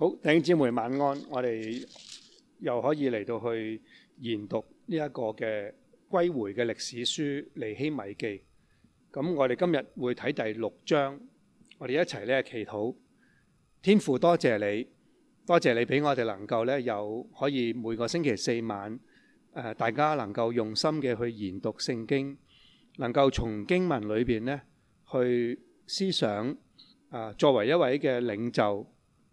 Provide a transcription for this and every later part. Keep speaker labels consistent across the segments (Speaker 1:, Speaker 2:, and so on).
Speaker 1: 好，弟兄姊妹晚安。我哋又可以嚟到去研讀呢一個嘅歸回嘅歷史書《尼希米記》。咁我哋今日會睇第六章，我哋一齊咧祈禱。天父，多謝你，多謝你俾我哋能夠咧又可以每個星期四晚，誒大家能夠用心嘅去研讀聖經，能夠從經文裏邊咧去思想。啊，作為一位嘅領袖。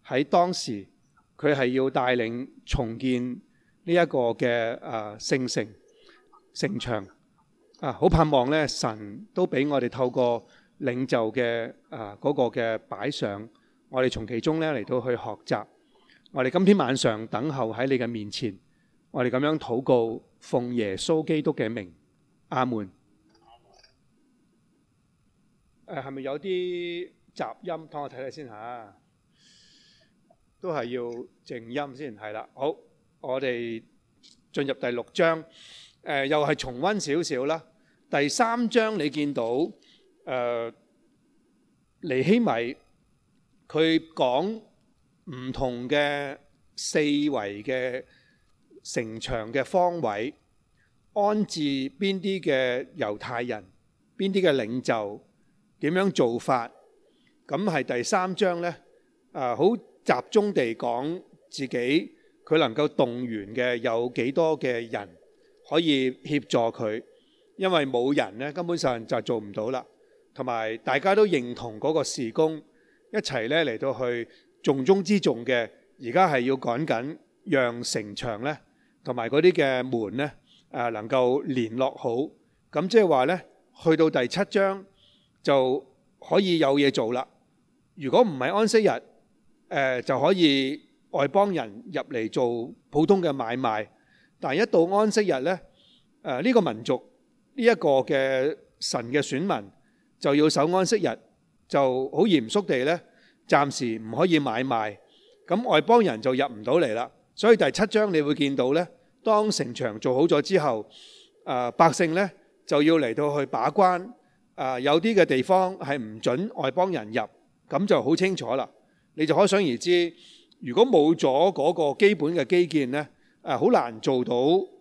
Speaker 1: 喺當時，佢係要帶領重建呢一個嘅誒聖城城牆啊！好盼望咧，神都俾我哋透過領袖嘅誒嗰個嘅擺上，我哋從其中咧嚟到去學習。我哋今天晚上等候喺你嘅面前，我哋咁樣禱告，奉耶穌基督嘅名，阿門。誒，係咪有啲雜音？等我睇睇先嚇。都係要靜音先係啦。好，我哋進入第六章。誒，又係重溫少少啦。第三章你見到誒尼希米，佢講唔同嘅四圍嘅城牆嘅方位，安置邊啲嘅猶太人，邊啲嘅領袖，點樣做法？咁係第三章呢。啊，好。集中地講自己，佢能夠動員嘅有幾多嘅人可以協助佢，因為冇人咧根本上就做唔到啦。同埋大家都認同嗰個時工，一齊咧嚟到去重中之重嘅，而家係要趕緊讓城牆咧，同埋嗰啲嘅門咧，誒能夠聯絡好。咁即係話咧，去到第七章就可以有嘢做啦。如果唔係安息日。誒就可以外邦人入嚟做普通嘅買賣，但係一到安息日呢，誒呢個民族呢一個嘅神嘅選民就要守安息日，就好嚴肅地呢，暫時唔可以買賣。咁外邦人就入唔到嚟啦。所以第七章你會見到呢，當城牆做好咗之後，誒百姓呢就要嚟到去把關，誒有啲嘅地方係唔準外邦人入，咁就好清楚啦。你就可想而知，如果冇咗嗰個基本嘅基建咧，誒好難做到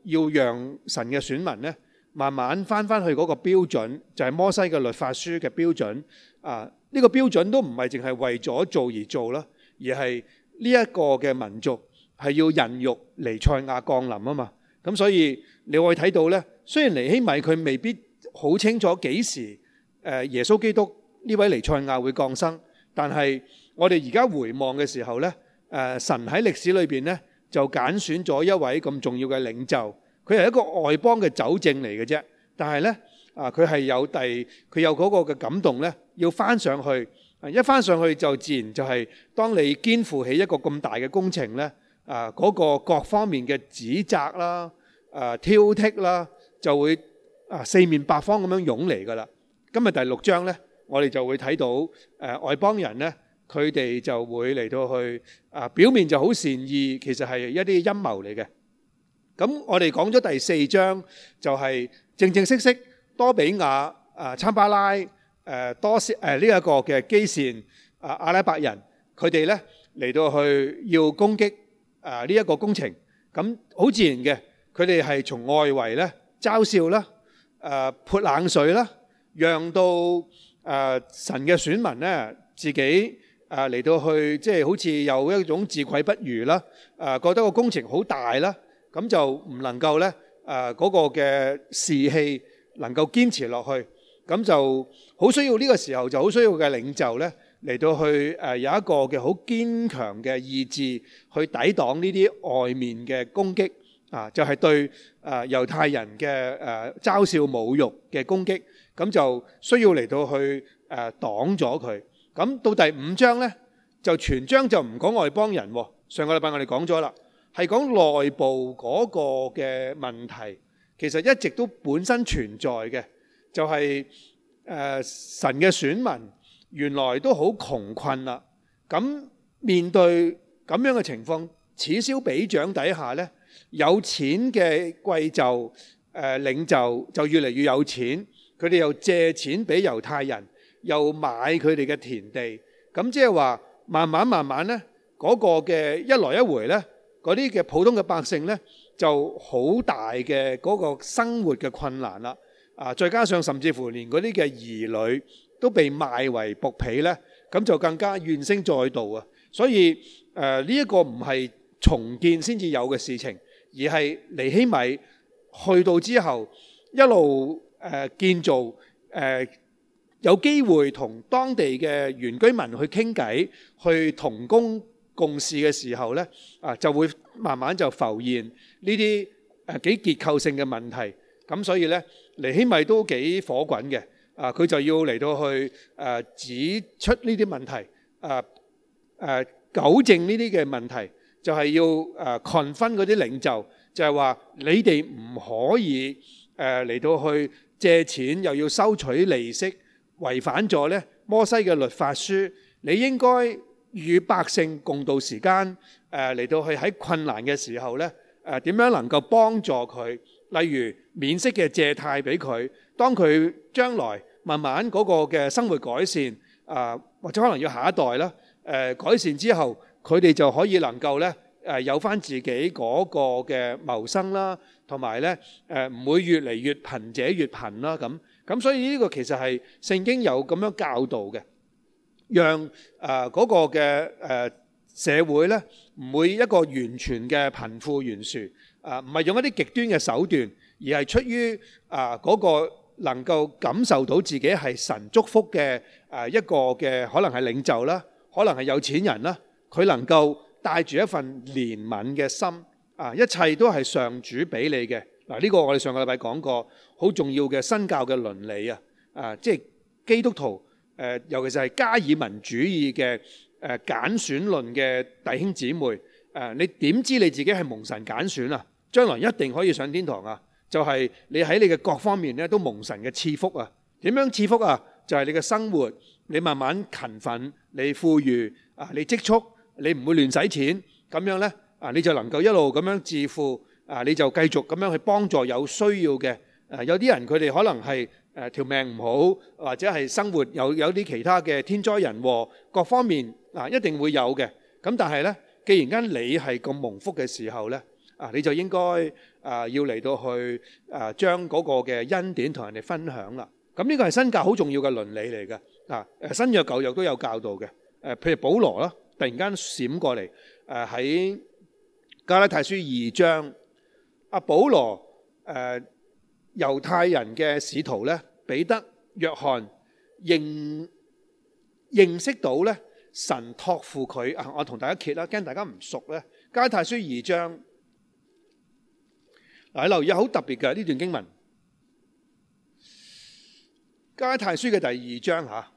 Speaker 1: 要讓神嘅選民咧，慢慢翻翻去嗰個標準，就係摩西嘅律法書嘅標準。啊，呢個標準都唔係淨係為咗做而做啦，而係呢一個嘅民族係要孕育尼賽亞降臨啊嘛。咁所以你可以睇到咧，雖然尼希米佢未必好清楚幾時誒耶穌基督呢位尼賽亞會降生，但係，我哋而家回望嘅時候呢，誒神喺歷史裏邊呢，就揀選咗一位咁重要嘅領袖，佢係一個外邦嘅酒政嚟嘅啫。但係呢，啊佢係有第佢有嗰個嘅感動呢，要返上去，一返上去就自然就係當你肩負起一個咁大嘅工程呢，啊嗰個各方面嘅指責啦、啊挑剔啦，就會啊四面八方咁樣湧嚟㗎喇。今日第六章呢，我哋就會睇到誒外邦人呢。佢哋就會嚟到去啊，表面就好善意，其實係一啲陰謀嚟嘅。咁我哋講咗第四章，就係正正式式多比亞啊、參巴拉誒多誒呢一個嘅基善啊、阿拉伯人，佢哋咧嚟到去要攻擊啊呢一個工程，咁好自然嘅，佢哋係從外圍咧嘲笑啦，誒潑冷水啦，讓到誒神嘅選民咧自己。誒嚟到去即係好似有一種自愧不如啦，誒覺得個工程好大啦，咁就唔能夠呢誒嗰個嘅士氣能夠堅持落去，咁就好需要呢個時候就好需要嘅領袖呢嚟到去誒有一個嘅好堅強嘅意志去抵擋呢啲外面嘅攻擊，啊就係對誒猶太人嘅誒嘲笑侮辱嘅攻擊，咁就需要嚟到去誒擋咗佢。咁到第五章呢，就全章就唔講外邦人喎。上個禮拜我哋講咗啦，係講內部嗰個嘅問題，其實一直都本身存在嘅，就係誒神嘅選民原來都好窮困啦。咁面對咁樣嘅情況，此消彼長底下呢，有錢嘅貴就誒領袖就越嚟越有錢，佢哋又借錢俾猶太人。又買佢哋嘅田地，咁即係話慢慢慢慢呢，嗰、嗰個嘅一來一回呢，嗰啲嘅普通嘅百姓呢，就好大嘅嗰個生活嘅困難啦。啊，再加上甚至乎連嗰啲嘅兒女都被賣為僕婢呢，咁就更加怨聲載道啊！所以誒，呢、呃、一、這個唔係重建先至有嘅事情，而係尼希米去到之後，一路、呃、建造誒。呃有機會同當地嘅原居民去傾偈，去同工共事嘅時候咧，啊就會慢慢就浮現呢啲誒幾結構性嘅問題。咁所以咧，尼希米都幾火滾嘅。啊，佢就要嚟到去誒指出呢啲問題，誒誒糾正呢啲嘅問題，就係要誒群分嗰啲領袖，就係話你哋唔可以誒嚟到去借錢，又要收取利息。違反咗咧摩西嘅律法書，你應該與百姓共度時間，誒、呃、嚟到去喺困難嘅時候咧，誒、呃、點樣能夠幫助佢？例如免息嘅借貸俾佢，當佢將來慢慢嗰個嘅生活改善啊、呃，或者可能要下一代啦，誒、呃、改善之後，佢哋就可以能夠咧誒有返自己嗰個嘅謀生啦，同埋咧誒唔會越嚟越貧者越貧啦咁。咁所以呢個其實係聖經有咁樣教導嘅，讓誒嗰個嘅誒社會咧唔會一個完全嘅貧富懸殊，誒唔係用一啲極端嘅手段，而係出於誒嗰個能夠感受到自己係神祝福嘅誒一個嘅可能係領袖啦，可能係有錢人啦，佢能夠帶住一份憐憫嘅心，啊，一切都係上主俾你嘅。嗱，呢個我哋上個禮拜講過，好重要嘅新教嘅倫理啊！啊，即係基督徒誒，尤其是係加爾文主義嘅誒揀選論嘅弟兄姊妹誒，你點知你自己係蒙神揀選啊？將來一定可以上天堂啊！就係你喺你嘅各方面咧都蒙神嘅賜福啊！點樣賜福啊？就係你嘅生活，你慢慢勤奮，你富裕啊，你積蓄，你唔會亂使錢，咁樣咧啊，你就能夠一路咁樣致富。啊！你就繼續咁樣去幫助有需要嘅誒，有啲人佢哋可能係誒條命唔好，或者係生活有有啲其他嘅天災人禍各方面啊，一定會有嘅。咁但係咧，既然間你係咁蒙福嘅時候咧，啊你就應該啊要嚟到去啊將嗰個嘅恩典同人哋分享啦。咁呢個係新教好重要嘅倫理嚟嘅啊！新約舊約都有教導嘅誒，譬如保羅啦，突然間閃過嚟誒喺加拉太書二章。阿、啊、保羅誒，呃、猶太人嘅使徒咧，彼得、約翰認認識到咧，神託付佢啊，我同大家揭啦，驚大家唔熟咧。加太書二章，嗱你留意好特別嘅呢段經文，加太書嘅第二章吓。啊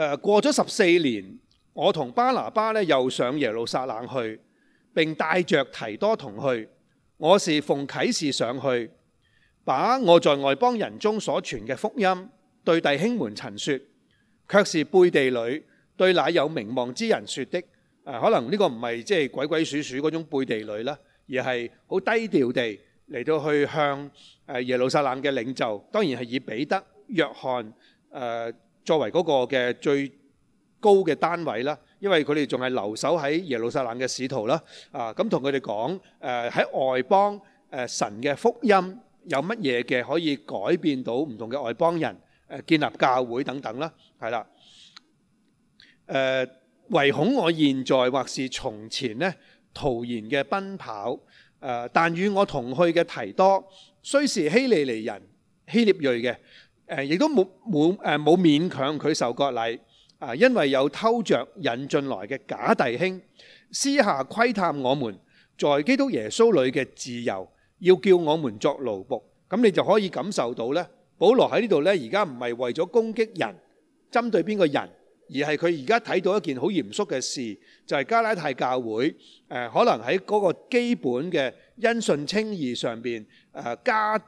Speaker 1: 誒過咗十四年，我同巴拿巴咧又上耶路撒冷去，並帶著提多同去。我是奉啟示上去，把我在外邦人中所傳嘅福音對弟兄們陳説，卻是背地裏對那有名望之人説的。誒，可能呢個唔係即係鬼鬼祟祟嗰種背地裏啦，而係好低調地嚟到去向誒耶路撒冷嘅領袖，當然係以彼得、約翰誒。作為嗰個嘅最高嘅單位啦，因為佢哋仲係留守喺耶路撒冷嘅使徒啦，啊，咁同佢哋講，誒喺外邦，誒神嘅福音有乜嘢嘅可以改變到唔同嘅外邦人，誒建立教會等等啦，係啦，誒唯恐我現在或是從前呢，徒然嘅奔跑，誒，但與我同去嘅提多，雖是希利尼人、希臘裔嘅。誒，亦都冇冇誒冇勉強佢受割禮啊，因為有偷著引進來嘅假弟兄，私下窺探我們在基督耶穌裏嘅自由，要叫我們作奴僕。咁你就可以感受到呢，保羅喺呢度呢，而家唔係為咗攻擊人，針對邊個人，而係佢而家睇到一件好嚴肅嘅事，就係、是、加拉太教會誒、呃，可能喺嗰個基本嘅因信稱義上面誒、呃、加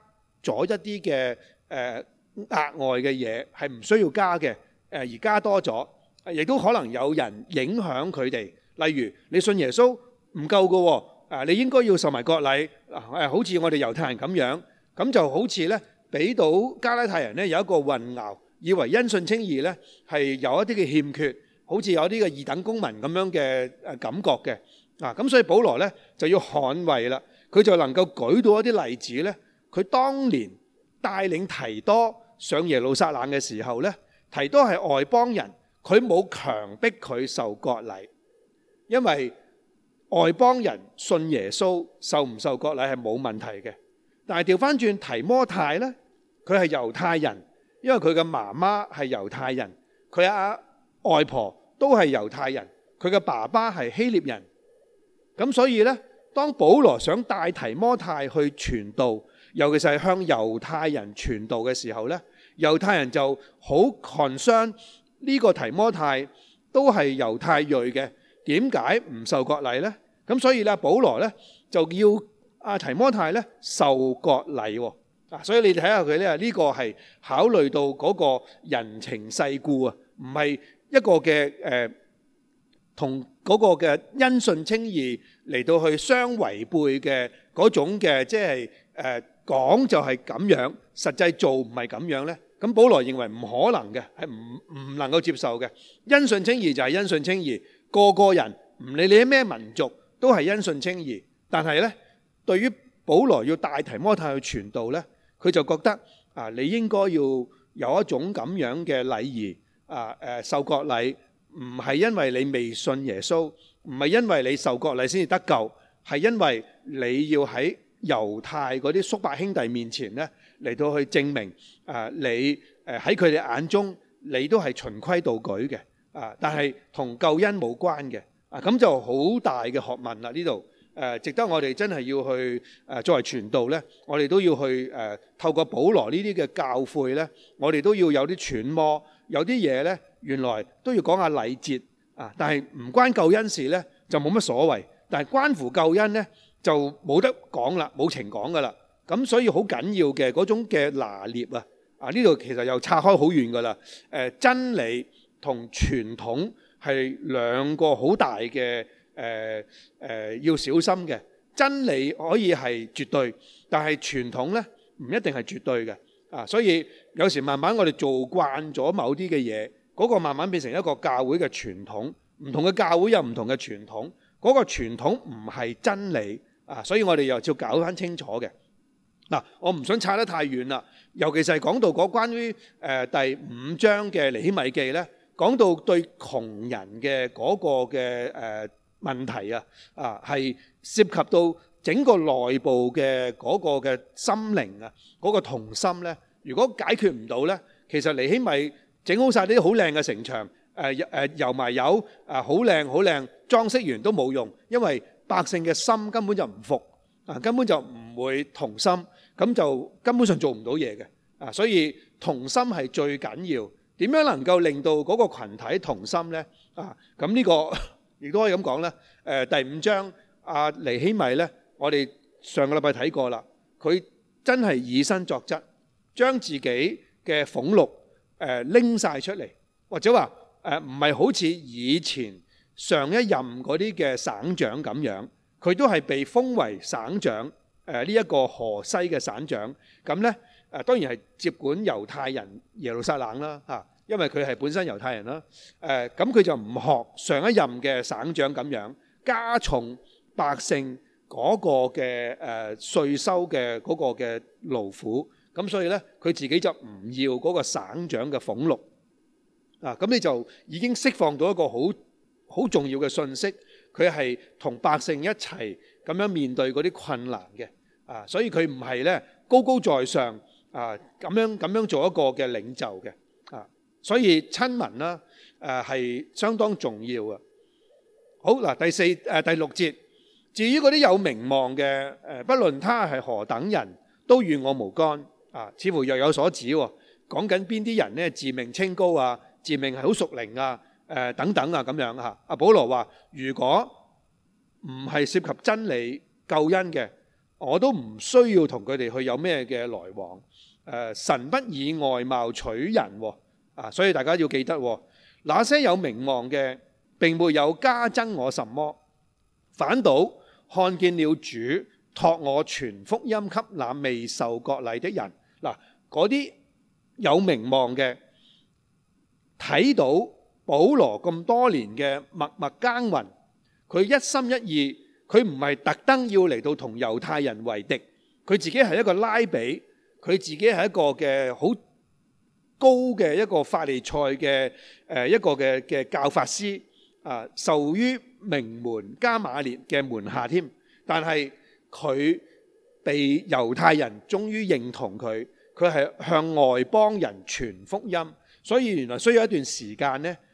Speaker 1: 咗一啲嘅誒。呃額外嘅嘢係唔需要加嘅，誒而加多咗，亦都可能有人影響佢哋。例如你信耶穌唔夠嘅喎，誒你應該要受埋割禮，誒好似我哋猶太人咁樣，咁就好似咧俾到加拉太人咧有一個混淆，以為因信稱義咧係有一啲嘅欠缺，好似有啲嘅二等公民咁樣嘅誒感覺嘅，啊咁所以保羅咧就要捍衞啦，佢就能夠舉到一啲例子咧，佢當年帶領提多。上耶路撒冷嘅時候呢，提多係外邦人，佢冇強迫佢受割禮，因為外邦人信耶穌受唔受割禮係冇問題嘅。但係調翻轉，提摩太呢，佢係猶太人，因為佢嘅媽媽係猶太人，佢阿外婆都係猶太人，佢嘅爸爸係希臘人。咁所以呢，當保羅想帶提摩太去傳道，尤其是係向猶太人傳道嘅時候呢。猶太人就好寒傷，呢個提摩太都係猶太裔嘅，點解唔受割禮咧？咁所以咧，保羅咧就要阿提摩太咧受割禮喎。啊，所以你睇下佢咧，呢個係考慮到嗰個人情世故啊，唔係一個嘅誒同嗰個嘅因信稱義嚟到去相違背嘅嗰種嘅，即係誒。講就係咁樣，實際做唔係咁樣咧。咁保羅認為唔可能嘅，係唔唔能夠接受嘅。因信稱義就係因信稱義，個個人唔理你係咩民族都係因信稱義。但係咧，對於保羅要帶提摩太去傳道咧，佢就覺得啊，你應該要有一種咁樣嘅禮儀啊，誒受割禮，唔係因為你未信耶穌，唔係因為你受割禮先至得救，係因為你要喺。猶太嗰啲叔伯兄弟面前呢，嚟到去證明啊，你誒喺佢哋眼中，你都係循規蹈矩嘅啊，但係同救恩冇關嘅啊，咁就好大嘅學問啦！呢度誒，值得我哋真係要去誒，作為傳道呢，我哋都要去誒，透過保羅呢啲嘅教訓呢，我哋都要有啲揣摩，有啲嘢呢，原來都要講下禮節啊，但係唔關救恩事呢，就冇乜所謂；但係關乎救恩呢。就冇得講啦，冇情講㗎喇。咁所以好緊要嘅嗰種嘅拿捏啊，啊呢度其實又拆開好遠㗎喇。誒、呃、真理同傳統係兩個好大嘅誒、呃呃、要小心嘅。真理可以係絕對，但係傳統呢唔一定係絕對嘅。啊，所以有時慢慢我哋做慣咗某啲嘅嘢，嗰、嗰個慢慢變成一個教會嘅傳統。唔同嘅教會有唔同嘅傳統，嗰、嗰個傳統唔係真理。啊，所以我哋又要搞翻清楚嘅。嗱，我唔想差得太遠啦。尤其是係講到嗰關於誒第五章嘅《尼希米記》咧，講到對窮人嘅嗰個嘅誒問題啊，啊係涉及到整個內部嘅嗰個嘅心靈啊，嗰個童心咧，如果解決唔到咧，其實尼希米整好曬啲好靚嘅城牆，誒誒遊埋遊，啊好靚好靚，裝飾完都冇用，因為，百姓嘅心根本就唔服，啊根本就唔會同心，咁就根本上做唔到嘢嘅，啊所以同心係最緊要。點樣能夠令到嗰個羣體同心咧？啊咁呢個亦都可以咁講咧。誒第五章阿尼希米咧，我哋上個禮拜睇過啦。佢真係以身作則，將自己嘅俸祿誒拎曬出嚟，或者話誒唔係好似以前。上一任嗰啲嘅省長咁樣，佢都係被封為省長。誒呢一個河西嘅省長咁咧誒，當然係接管猶太人耶路撒冷啦嚇，因為佢係本身猶太人啦。誒咁佢就唔學上一任嘅省長咁樣加重百姓嗰個嘅誒稅收嘅嗰個嘅勞苦，咁所以咧佢自己就唔要嗰個省長嘅俸祿啊。咁你就已經釋放到一個好。好重要嘅信息，佢係同百姓一齊咁樣面對嗰啲困難嘅啊，所以佢唔係咧高高在上啊，咁樣咁樣做一個嘅領袖嘅啊，所以親民啦，誒係相當重要嘅。好嗱，第四誒第六節，至於嗰啲有名望嘅誒，不論他係何等人都與我無干啊，似乎若有所指喎，講緊邊啲人咧？自命清高啊，自命係好屬靈啊。誒等等啊，咁樣嚇。阿保羅話：如果唔係涉及真理救恩嘅，我都唔需要同佢哋去有咩嘅來往。誒，神不以外貌取人喎。啊，所以大家要記得，那些有名望嘅並沒有加增我什麼，反倒看見了主託我傳福音給那未受割禮的人。嗱，嗰啲有名望嘅睇到，保羅咁多年嘅默默耕耘，佢一心一意，佢唔係特登要嚟到同猶太人為敵，佢自己係一個拉比，佢自己係一個嘅好高嘅一個法利賽嘅誒一個嘅嘅教法師啊，受於名門加馬列嘅門下添。但係佢被猶太人終於認同佢，佢係向外邦人傳福音，所以原來需要一段時間呢。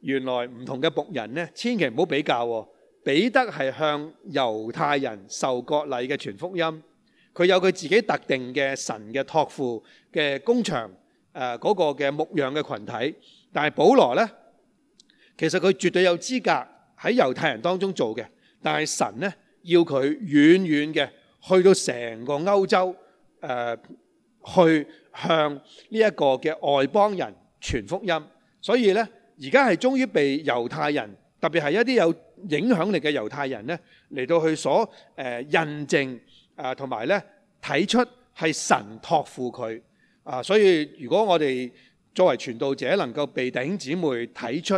Speaker 1: 原來唔同嘅僕人呢，千祈唔好比較。彼得係向猶太人受割禮嘅傳福音，佢有佢自己特定嘅神嘅託付嘅工場，誒嗰個嘅牧養嘅群體。但係保羅呢，其實佢絕對有資格喺猶太人當中做嘅，但係神呢要佢遠遠嘅去到成個歐洲，誒去向呢一個嘅外邦人傳福音，所以呢。而家係終於被猶太人，特別係一啲有影響力嘅猶太人呢，嚟到去所誒印證啊，同埋呢睇出係神託付佢啊，所以如果我哋作為傳道者能夠被弟兄姊妹睇出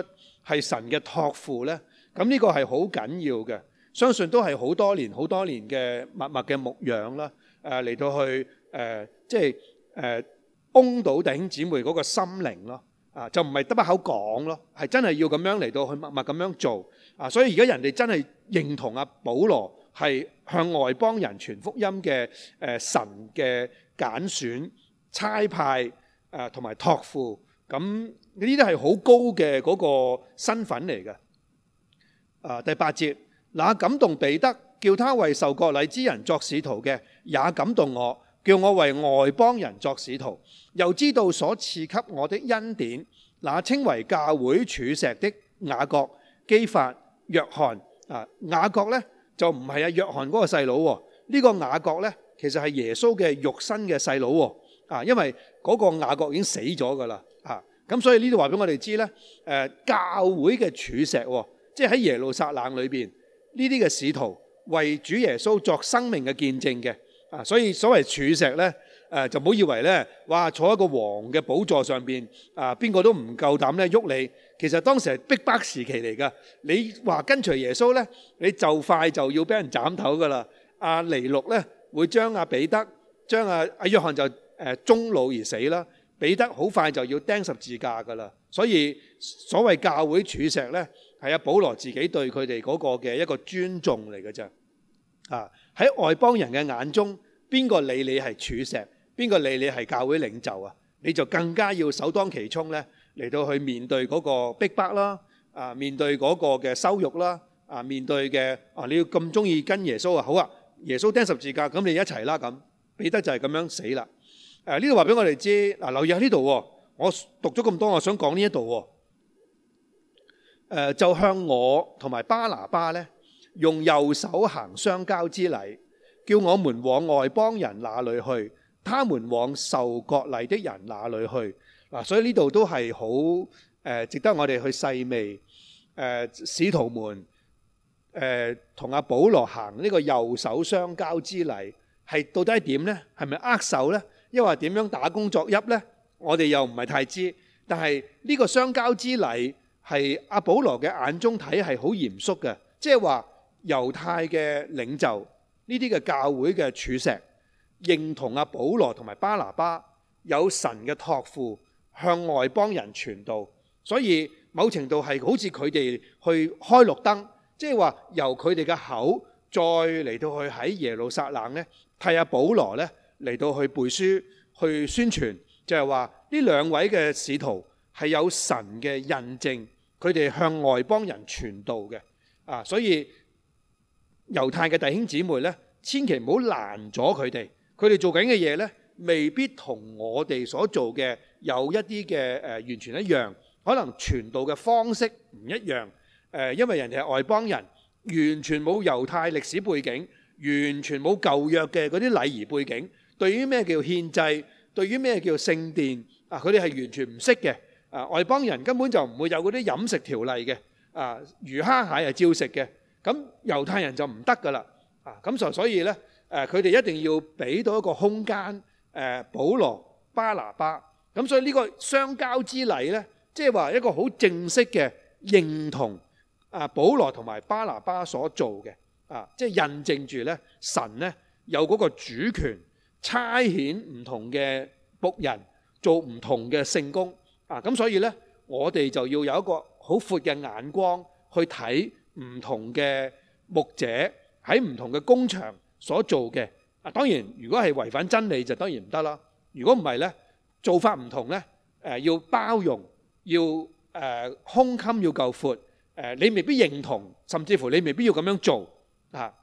Speaker 1: 係神嘅託付呢，咁呢個係好緊要嘅，相信都係好多年、好多年嘅默默嘅牧養啦，誒嚟到去誒即係誒攻到弟兄姊妹嗰個心靈咯。啊，就唔係得把口講咯，係真係要咁樣嚟到去默默咁樣做啊！所以而家人哋真係認同阿保羅係向外邦人傳福音嘅誒神嘅揀選、差派誒同埋託付，咁呢啲都係好高嘅嗰個身份嚟嘅。啊，第八節，那感動彼得叫他為受割禮之人作使徒嘅，也感動我，叫我為外邦人作使徒，又知道所賜給我的恩典，那稱為教會柱石的雅各、基法、約翰。啊，雅各呢，就唔係啊約翰嗰個細佬，呢個雅各呢，其實係耶穌嘅肉身嘅細佬。啊，因為嗰個雅各已經死咗噶啦。啊，咁所以呢度話俾我哋知呢，誒，教會嘅柱石，即係喺耶路撒冷裏邊呢啲嘅使徒為主耶穌作生命嘅見證嘅。啊，所以所謂柱石咧，誒就唔好以為咧，哇坐一個王嘅寶座上面，啊邊個都唔夠膽咧喐你。其實當時係逼迫時期嚟噶，你話跟隨耶穌咧，你就快就要俾人斬頭噶啦。阿尼祿咧會將阿彼得、將阿阿約翰就誒終老而死啦。彼得好快就要釘十字架噶啦。所以所謂教會柱石咧，係阿保羅自己對佢哋嗰個嘅一個尊重嚟㗎咋。啊。喺外邦人嘅眼中，邊個理你係柱石？邊個理你係教會領袖啊？你就更加要首當其衝咧，嚟到去面對嗰個逼迫啦，啊面對嗰個嘅羞辱啦，啊面對嘅啊你要咁中意跟耶穌啊？好啊，耶穌釘十字架，咁你一齊啦咁，彼得就係咁樣死啦。誒呢度話俾我哋知，嗱留意喺呢度，我讀咗咁多，我想講呢一度喎。誒就向我同埋巴拿巴咧。用右手行相交之禮，叫我們往外邦人那裏去，他們往受割禮的人那裏去。嗱，所以呢度都係好誒，值得我哋去細味。誒，使徒們，誒，同阿保羅行呢個右手相交之禮，係到底係點呢？係咪握手呢？抑或點樣打工作揖呢？我哋又唔係太知。但係呢個相交之禮，係阿保羅嘅眼中睇係好嚴肅嘅，即係話。猶太嘅領袖呢啲嘅教會嘅柱石，認同阿、啊、保羅同埋巴拿巴有神嘅託付，向外邦人傳道，所以某程度係好似佢哋去開綠燈，即係話由佢哋嘅口再嚟到去喺耶路撒冷呢，替阿、啊、保羅呢嚟到去背書去宣傳，就係話呢兩位嘅使徒係有神嘅印證，佢哋向外邦人傳道嘅啊，所以。猶太嘅弟兄姊妹呢，千祈唔好攔咗佢哋。佢哋做緊嘅嘢呢，未必同我哋所做嘅有一啲嘅誒完全一樣。可能傳道嘅方式唔一樣。誒，因為人哋係外邦人，完全冇猶太歷史背景，完全冇舊約嘅嗰啲禮儀背景。對於咩叫獻祭，對於咩叫聖殿啊，佢哋係完全唔識嘅。啊，外邦人根本就唔會有嗰啲飲食條例嘅。啊，魚蝦蟹係照食嘅。咁猶太人就唔得噶啦，啊咁所所以呢，佢哋一定要俾到一個空間，誒，保羅巴拿巴，咁所以呢個相交之禮呢，即係話一個好正式嘅認同啊，保羅同埋巴拿巴所做嘅。啊即係印證住呢，神呢有嗰個主權差遣唔同嘅僕人做唔同嘅聖工。啊咁所以呢，我哋就要有一個好闊嘅眼光去睇。唔同嘅牧者喺唔同嘅工場所做嘅啊，當然如果係違反真理就當然唔得啦。如果唔係咧，做法唔同咧，誒要包容，要誒胸襟要夠闊，誒你未必認同，甚至乎你未必要咁樣做嚇。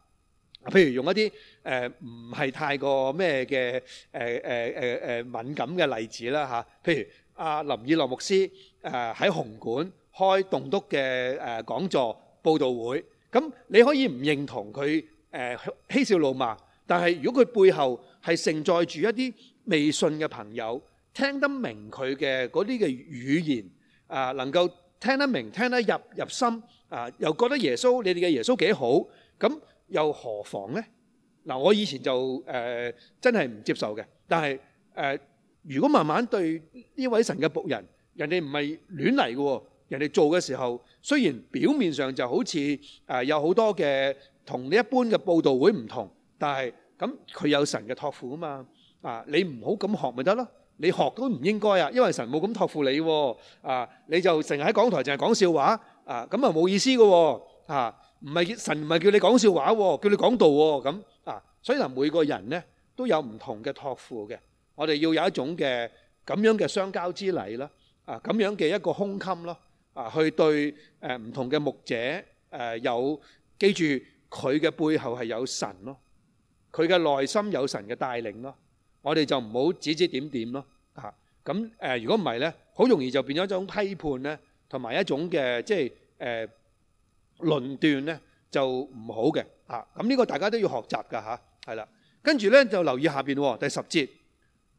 Speaker 1: 譬如用一啲誒唔係太過咩嘅誒誒誒誒敏感嘅例子啦嚇，譬如阿林以諾牧師誒喺紅館開棟篤嘅誒講座。報道會，咁你可以唔認同佢誒嬉笑怒罵，但係如果佢背後係承載住一啲未信嘅朋友聽得明佢嘅嗰啲嘅語言啊，能夠聽得明、聽得入入心啊，又覺得耶穌你哋嘅耶穌幾好，咁又何妨呢？嗱，我以前就誒真係唔接受嘅，但係誒如果慢慢對呢位神嘅僕人，人哋唔係亂嚟嘅。人哋做嘅時候，雖然表面上就好似有好多嘅同你一般嘅報道會唔同，但係咁佢有神嘅託付啊嘛啊！你唔好咁學咪得咯，你學都唔應該啊，因為神冇咁託付你啊！你就成日喺講台淨係講笑話啊，咁啊冇意思嘅喎啊！唔係神唔係叫你講笑話喎啊，叫你講道喎咁啊！所以嗱，每個人呢都有唔同嘅託付嘅，我哋要有一種嘅咁樣嘅相交之禮咯啊，咁樣嘅一個胸襟咯。啊，去對誒唔同嘅牧者誒有記住佢嘅背後係有神咯，佢嘅內心有神嘅帶領咯，我哋就唔好指指點點咯，嚇咁誒如果唔係咧，好容易就變咗一種批判咧，同埋一種嘅即係誒論斷咧，就唔好嘅嚇。咁、這、呢個大家都要學習噶嚇，係啦，跟住咧就留意下邊第十節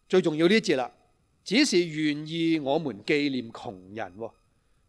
Speaker 1: 最重要呢節啦，只是願意我們紀念窮人。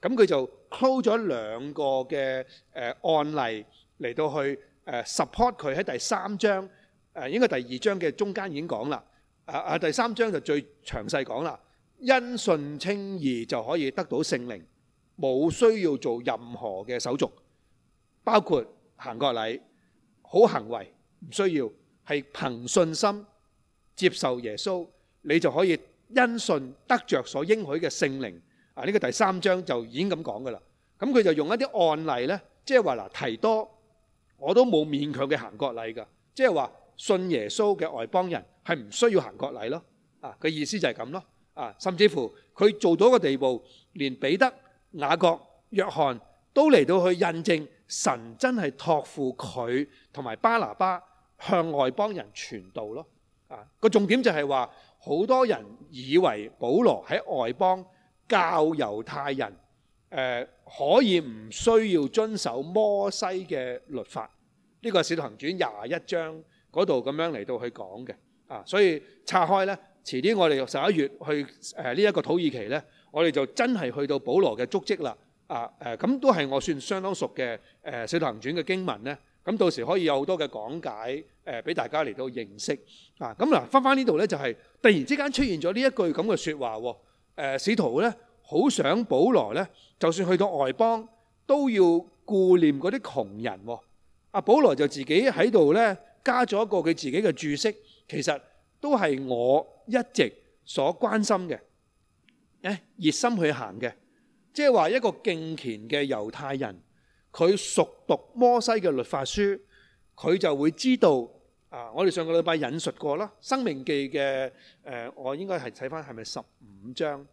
Speaker 1: 咁佢就 close 咗兩個嘅誒案例嚟到去誒 support 佢喺第三章誒應該第二章嘅中間已經講啦，啊啊第三章就最詳細講啦，因信稱義就可以得到聖靈，冇需要做任何嘅手續，包括行個禮，好行為唔需要，係憑信心接受耶穌，你就可以因信得著所應許嘅聖靈。啊！呢個第三章就已經咁講嘅啦。咁佢就用一啲案例呢，即係話嗱，提多我都冇勉強嘅行國禮㗎。即係話信耶穌嘅外邦人係唔需要行國禮咯。啊，個意思就係咁咯。啊，甚至乎佢做到的一個地步，連彼得、雅各、約翰都嚟到去印證神真係託付佢同埋巴拿巴向外邦人傳道咯。啊，個重點就係話好多人以為保羅喺外邦教猶太人誒可以唔需要遵守摩西嘅律法，呢個係《使徒行傳》廿一章嗰度咁樣嚟到去講嘅啊，所以拆開咧，遲啲我哋十一月去誒呢一個土耳其咧，我哋就真係去到保羅嘅足跡啦，啊誒，咁都係我算相當熟嘅誒《使徒行傳》嘅經文咧，咁到時可以有好多嘅講解誒俾大家嚟到認識啊。咁嗱，返返呢度咧就係突然之間出現咗呢一句咁嘅説話喎。誒使徒咧，好想保羅咧，就算去到外邦，都要顧念嗰啲窮人喎。阿保羅就自己喺度咧，加咗一個佢自己嘅注釋，其實都係我一直所關心嘅，誒熱心去行嘅，即係話一個敬虔嘅猶太人，佢熟讀摩西嘅律法書，佢就會知道。啊！我哋上個禮拜引述過啦，《申命記》嘅誒，我應該係睇返係咪十五章，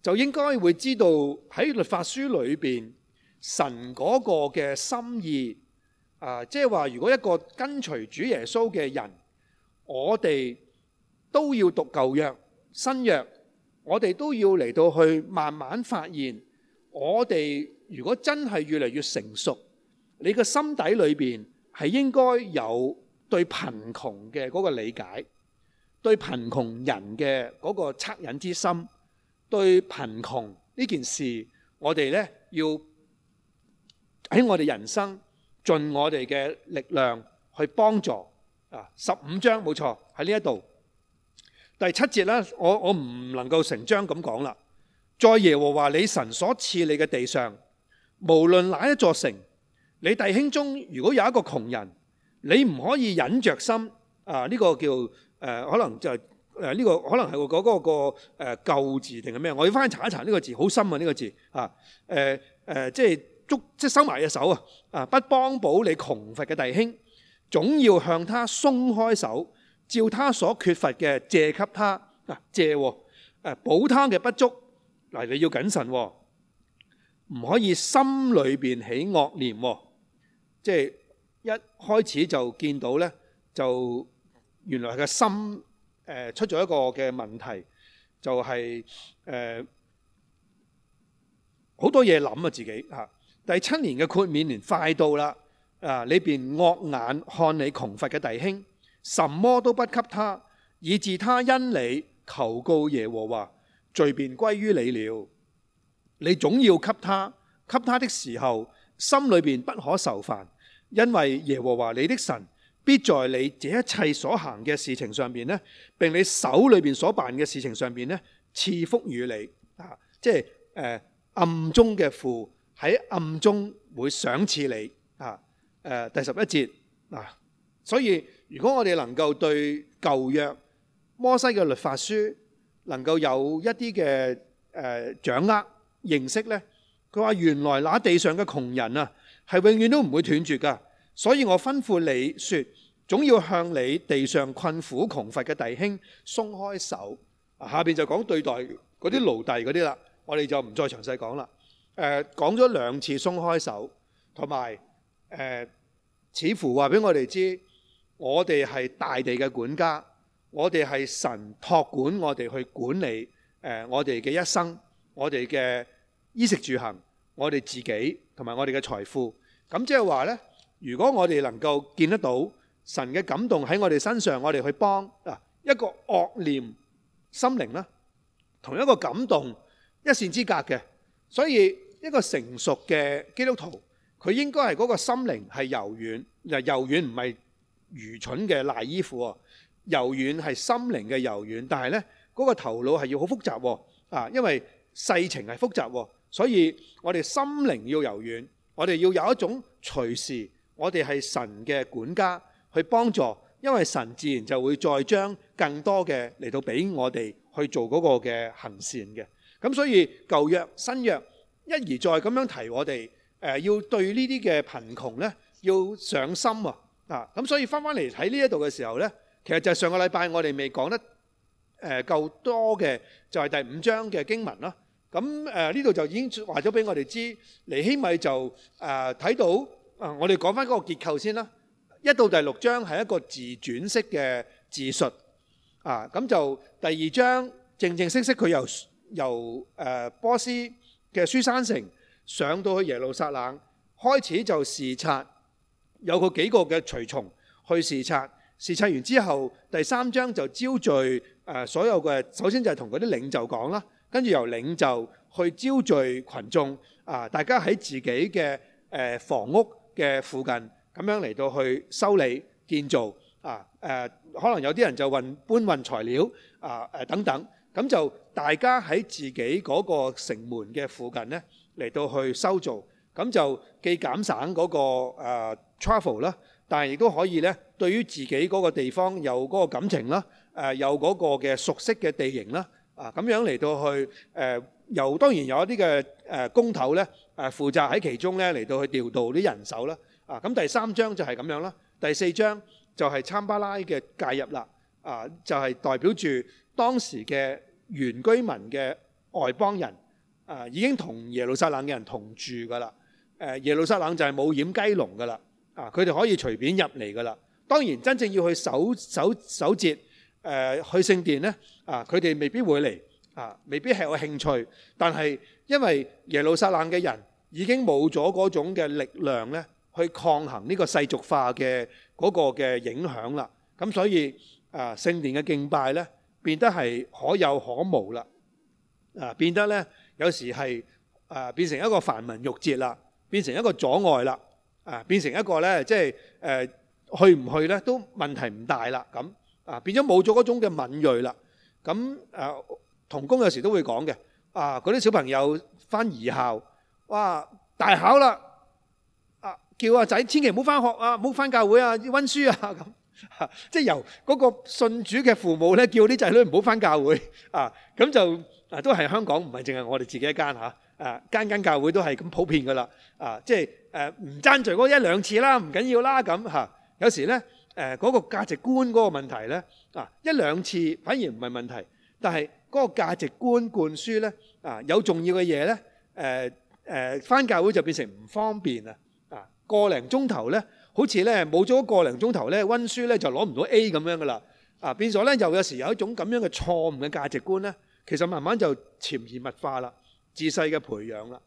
Speaker 1: 就應該會知道喺律法書裏邊神嗰個嘅心意。啊，即係話，如果一個跟隨主耶穌嘅人，我哋都要讀舊約、新約，我哋都要嚟到去慢慢發現我哋。如果真係越嚟越成熟，你個心底裏邊係應該有對貧窮嘅嗰個理解，對貧窮人嘅嗰個惻隱之心，對貧窮呢件事，我哋呢要喺我哋人生盡我哋嘅力量去幫助啊！十五章冇錯喺呢一度第七節呢，我我唔能夠成章咁講啦，在耶和華你神所賜你嘅地上。無論哪一座城，你弟兄中如果有一個窮人，你唔可以忍着心啊！呢、這個叫誒、呃，可能就誒、是、呢、呃這個可能係嗰、那個、那個舊字定係咩？我要翻查一查呢個字，好深啊！呢、這個字啊誒誒、呃，即係捉即係收埋隻手啊！啊，不幫補你窮乏嘅弟兄，總要向他鬆開手，照他所缺乏嘅借給他嗱、啊、借誒補、啊、他嘅不足嗱、啊，你要謹慎喎、啊。唔可以心裏面起惡念，即係一開始就見到呢，就原來嘅心出咗一個嘅問題，就係誒好多嘢諗，啊自己啊第七年嘅豁免年快到啦，啊！你便惡眼看你窮乏嘅弟兄，什麼都不給他，以致他因你求告耶和華，罪便歸於你了。你總要給他，給他的時候，心裏邊不可愁煩，因為耶和華你的神必在你這一切所行嘅事情上邊咧，並你手裏邊所辦嘅事情上邊呢賜福於你啊，即係、呃、暗中嘅父喺暗中會賞賜你啊、呃，第十一節。啊，所以如果我哋能夠對舊約摩西嘅律法書能夠有一啲嘅、呃、掌握。形式呢，佢話原來那地上嘅窮人啊，係永遠都唔會斷絕噶。所以我吩咐你說，總要向你地上困苦窮乏嘅弟兄鬆開手。下邊就講對待嗰啲奴隸嗰啲啦，我哋就唔再詳細講啦。誒，講咗兩次鬆開手，同埋誒，似乎話俾我哋知，我哋係大地嘅管家，我哋係神託管我哋去管理誒我哋嘅一生。我哋嘅衣食住行，我哋自己同埋我哋嘅財富，咁即係話咧，如果我哋能夠見得到神嘅感動喺我哋身上，我哋去幫嗱一個惡念心靈啦，同一個感動一線之隔嘅，所以一個成熟嘅基督徒，佢應該係嗰個心靈係柔軟又柔軟，唔係愚蠢嘅賴衣服，柔軟係心靈嘅柔軟，但係咧嗰個頭腦係要好複雜啊，因為。世情係複雜喎，所以我哋心靈要柔軟，我哋要有一種隨時，我哋係神嘅管家去幫助，因為神自然就會再將更多嘅嚟到俾我哋去做嗰個嘅行善嘅。咁所以舊約、新約一而再咁樣提我哋，誒、呃、要對呢啲嘅貧窮呢要上心啊！咁、呃、所以翻翻嚟睇呢一度嘅時候呢，其實就係上個禮拜我哋未講得誒夠多嘅，就係、是、第五章嘅經文咯、啊。咁誒呢度就已經話咗俾我哋知，尼希米就誒睇到啊，我哋講返嗰個結構先啦。一到第六章係一個自傳式嘅自述啊，咁就第二章正正式式佢由由誒波斯嘅書珊城上到去耶路撒冷，開始就視察，有佢幾個嘅隨從去視察，視察完之後，第三章就招聚誒所有嘅，首先就係同嗰啲領袖講啦。跟住由領袖去招聚羣眾，啊，大家喺自己嘅誒房屋嘅附近咁樣嚟到去修理建造，啊，誒，可能有啲人就運搬運材料，啊，誒，等等，咁就大家喺自己嗰個城門嘅附近呢嚟到去修造，咁就既減省嗰個誒 travel 啦，但係亦都可以呢，對於自己嗰個地方有嗰個感情啦，誒，有嗰個嘅熟悉嘅地形啦。啊，咁樣嚟到去誒，由、呃、當然有一啲嘅誒工頭咧誒負責喺其中咧嚟到去調度啲人手啦。啊，咁、啊嗯、第三章就係咁樣啦。第四章就係參巴拉嘅介入啦。啊，就係、是、代表住當時嘅原居民嘅外邦人啊，已經同耶路撒冷嘅人同住噶啦。誒、啊，耶路撒冷就係冇掩雞籠噶啦。啊，佢哋可以隨便入嚟噶啦。當然真正要去守守守節。守節誒去聖殿咧，啊，佢哋未必會嚟，啊，未必係有興趣。但係因為耶路撒冷嘅人已經冇咗嗰種嘅力量咧，去抗衡呢個世俗化嘅嗰個嘅影響啦。咁所以啊，聖殿嘅敬拜咧，變得係可有可無啦。啊，變得咧有時係啊變成一個繁文縟節啦，變成一個阻礙啦。啊，變成一個咧即係誒去唔去咧都問題唔大啦咁。啊，變咗冇咗嗰種嘅敏銳啦。咁啊，同工有時都會講嘅。啊，嗰啲小朋友翻兒校，哇，大考啦！啊，叫阿仔千祈唔好翻學啊，唔好翻教會啊，要温書啊咁。即係由嗰個信主嘅父母咧，叫啲仔女唔好翻教會 啊。咁就啊，都係香港唔係淨係我哋自己一間嚇。啊，啊，間間教會都係咁普遍噶啦。啊，即係唔爭在嗰一兩次啦，唔緊要啦咁、啊啊、有時咧。誒嗰、呃那個價值觀嗰個問題咧，啊一兩次反而唔係問題，但係嗰個價值觀灌輸呢，啊有重要嘅嘢呢，誒誒返教會就變成唔方便啊，啊個零鐘頭呢，好似呢冇咗個零鐘頭呢，温書呢就攞唔到 A 咁樣噶啦，啊變咗呢，又有時有一種咁樣嘅錯誤嘅價值觀呢，其實慢慢就潛移默化啦，自細嘅培養啦，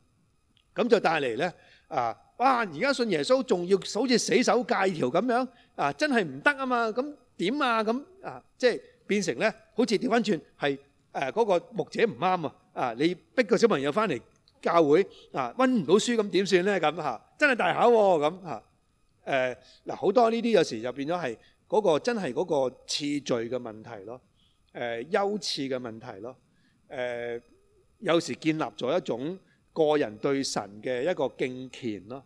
Speaker 1: 咁就帶嚟呢。啊。啊，而家信耶穌仲要好似死守戒條咁樣啊，真係唔得啊嘛！咁點啊咁啊，即係變成咧好似調翻轉係誒嗰個牧者唔啱啊！啊，你逼個小朋友翻嚟教會啊，温唔到書咁點算咧？咁嚇真係大考喎！咁嚇誒嗱，好多呢啲有時就變咗係嗰個真係嗰個次序嘅問題咯，誒優次嘅問題咯，誒有時建立咗一種個人對神嘅一個敬虔咯。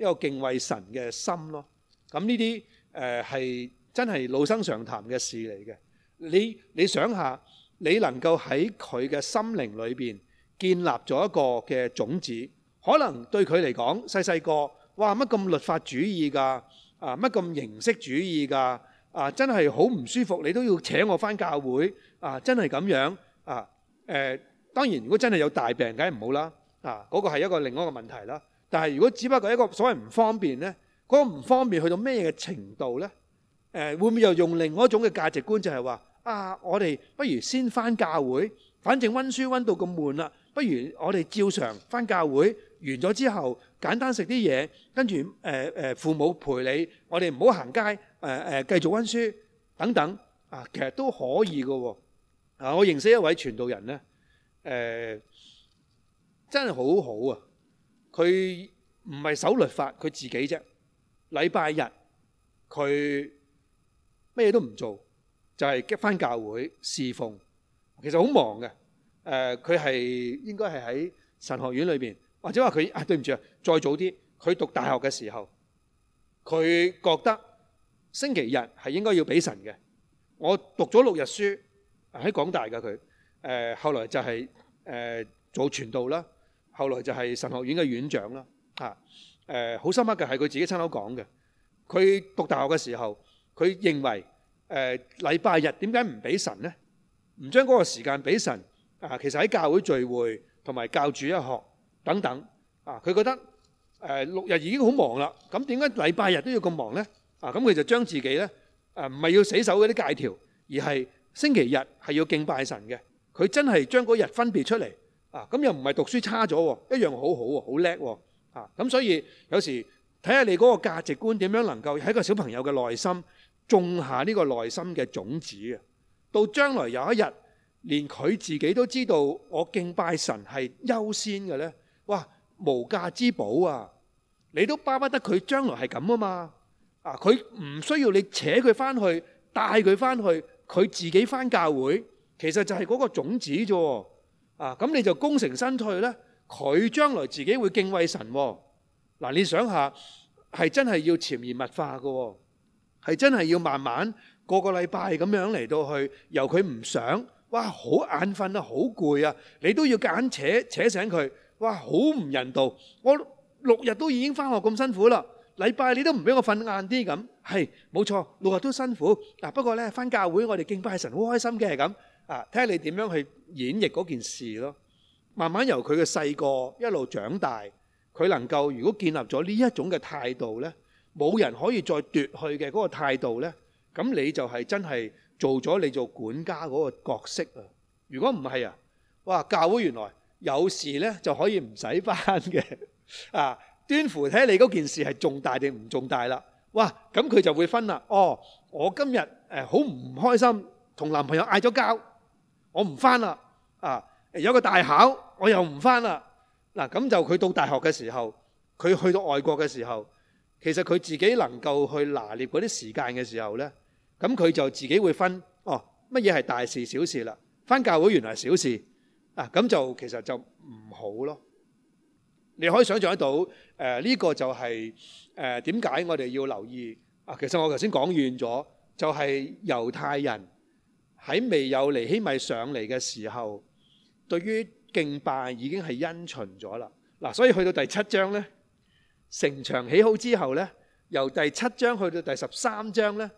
Speaker 1: 一個敬畏神嘅心咯，咁呢啲誒係真係老生常談嘅事嚟嘅。你你想下，你能夠喺佢嘅心靈裏邊建立咗一個嘅種子，可能對佢嚟講細細個，哇，乜咁律法主義㗎啊，乜咁形式主義㗎啊，真係好唔舒服，你都要請我翻教會啊，真係咁樣啊，誒當然如果真係有大病，梗係唔好啦，啊嗰個係一個另外一個問題啦。但係如果只不過一個所謂唔方便呢，嗰、嗰個唔方便去到咩嘅程度呢？誒會唔會又用另外一種嘅價值觀就，就係話啊，我哋不如先返教會，反正温書温到咁悶啦，不如我哋照常返教會完咗之後簡單食啲嘢，跟住誒父母陪你，我哋唔好行街誒誒，繼續温書等等啊，其實都可以㗎喎。啊，我認識一位傳道人呢，誒、欸、真係好好啊！佢唔係守律法，佢自己啫。禮拜日佢咩嘢都唔做，就係、是、翻教會侍奉。其實好忙嘅。佢、呃、係應該係喺神學院裏面，或者話佢啊，對唔住啊，再早啲佢讀大學嘅時候，佢覺得星期日係應該要俾神嘅。我讀咗六日書喺廣大嘅佢，誒、呃、後來就係、是、誒、呃、做傳道啦。後來就係神學院嘅院長啦，吓，誒，好深刻嘅係佢自己親口講嘅。佢讀大學嘅時候，佢認為，誒，禮拜日點解唔俾神呢？唔將嗰個時間俾神啊？其實喺教會聚會同埋教主日學等等，啊，佢覺得誒六日已經好忙啦，咁點解禮拜日都要咁忙呢？啊，咁佢就將自己呢，誒，唔係要死守嗰啲戒條，而係星期日係要敬拜神嘅。佢真係將嗰日分別出嚟。啊！咁又唔係讀書差咗喎，一樣好好喎，好叻喎！啊！咁所以有時睇下你嗰個價值觀點樣能夠喺個小朋友嘅內心種下呢個內心嘅種子啊！到將來有一日，連佢自己都知道我敬拜神係優先嘅呢。哇！無價之寶啊！你都巴不得佢將來係咁啊嘛！啊！佢唔需要你扯佢翻去，帶佢翻去，佢自己翻教會，其實就係嗰個種子啫。啊，咁你就功成身退咧？佢將來自己會敬畏神喎、哦。嗱、啊，你想下，係真係要潛移默化嘅喎、哦，係真係要慢慢個個禮拜咁樣嚟到去，由佢唔想，哇，好眼瞓啊，好攰啊，你都要夾硬扯扯醒佢。哇，好唔人道！我六日都已經返學咁辛苦啦，禮拜你都唔俾我瞓晏啲咁。係、嗯，冇錯，六日都辛苦。嗱，不過咧，返教會我哋敬拜神好開心嘅，咁。啊！睇下你點樣去演繹嗰件事咯。慢慢由佢嘅細個一路長大，佢能夠如果建立咗呢一種嘅態度呢，冇人可以再奪去嘅嗰個態度呢，咁你就係真係做咗你做管家嗰個角色啊！如果唔係啊，哇！教會原來有時呢就可以唔使返嘅啊！端乎睇下睇你嗰件事係重大定唔重大啦。哇！咁佢就會分啦。哦，我今日誒好唔開心，同男朋友嗌咗交。我唔翻啦，啊！有個大考，我又唔翻啦。嗱，咁就佢到大學嘅時候，佢去到外國嘅時候，其實佢自己能夠去拿捏嗰啲時間嘅時候呢，咁佢就自己會分哦，乜嘢係大事小事啦。翻教會原來係小事啊，咁就其實就唔好咯。你可以想象得到，誒呢個就係誒點解我哋要留意啊？其實我頭先講完咗，就係猶太人。喺未有尼希米上嚟嘅時候，對於敬拜已經係因循咗啦。嗱，所以去到第七章呢，城牆起好之後呢，由第七章去到第十三章呢，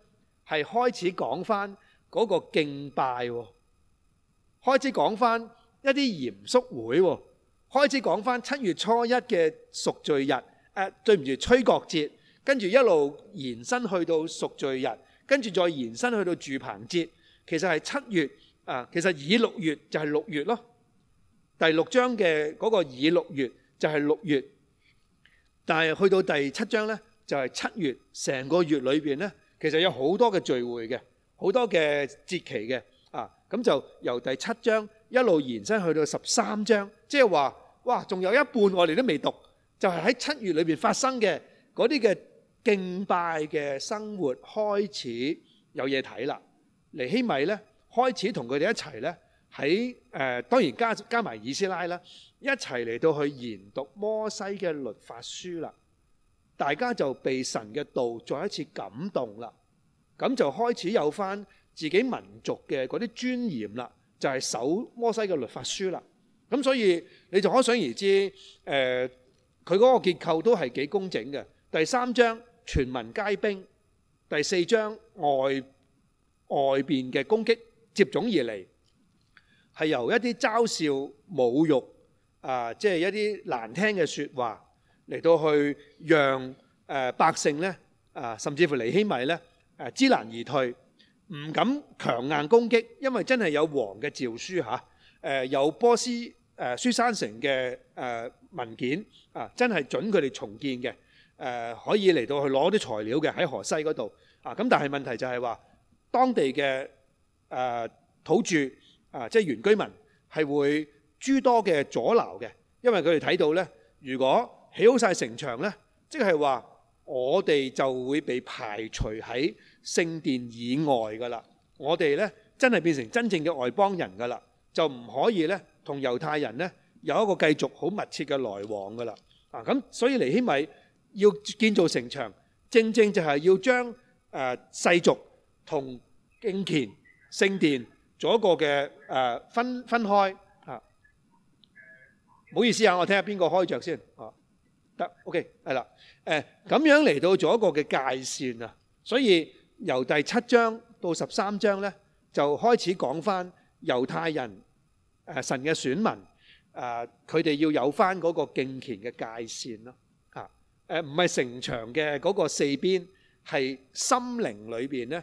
Speaker 1: 係開始講翻嗰個敬拜，開始講翻一啲嚴肅會，開始講翻七月初一嘅贖罪日。誒，對唔住，吹角節，跟住一路延伸去到贖罪日，跟住再延伸去到住棚節。其實係七月啊，其實以六月就係六月咯，第六章嘅嗰個以六月就係六月。但係去到第七章呢，就係七月。成個月裏邊呢，其實有好多嘅聚會嘅，好多嘅節期嘅啊，咁就由第七章一路延伸去到十三章，即係話哇，仲有一半我哋都未讀，就係喺七月裏邊發生嘅嗰啲嘅敬拜嘅生活開始有嘢睇啦。尼希米咧，開始同佢哋一齊咧，喺誒當然加加埋以斯拉啦，一齊嚟到去研讀摩西嘅律法書啦。大家就被神嘅道再一次感動啦，咁就開始有返自己民族嘅嗰啲尊嚴啦，就係守摩西嘅律法書啦。咁所以你就可想而知，誒佢嗰個結構都係幾工整嘅。第三章全民皆兵，第四章外外邊嘅攻擊接踵而嚟，係由一啲嘲笑、侮辱啊，即、就、係、是、一啲難聽嘅説話嚟到去讓誒、呃、百姓咧啊，甚至乎尼希米呢誒、啊、知難而退，唔敢強硬攻擊，因為真係有王嘅詔書嚇誒、啊，有波斯誒、啊、書珊城嘅誒、啊、文件啊，真係準佢哋重建嘅誒、啊，可以嚟到去攞啲材料嘅喺河西嗰度啊，咁但係問題就係話。當地嘅誒土著啊，即係原居民係會諸多嘅阻撓嘅，因為佢哋睇到呢，如果起好晒城牆呢，即係話我哋就會被排除喺聖殿以外㗎喇。我哋呢，真係變成真正嘅外邦人㗎喇，就唔可以呢同猶太人呢有一個繼續好密切嘅來往㗎喇。啊，咁所以尼希米要建造城牆，正正就係要將誒世俗。同敬虔聖殿做一個嘅誒分，分開嚇，唔好意思啊，我睇下邊個開著先，哦，得，OK 係啦。誒咁樣嚟到做一個嘅界線啊，所以由第七章到十三章咧，就開始講翻猶太人誒神嘅選民，誒佢哋要有翻嗰個敬虔嘅界線咯嚇，誒唔係城牆嘅嗰個四邊，係心靈裏邊咧。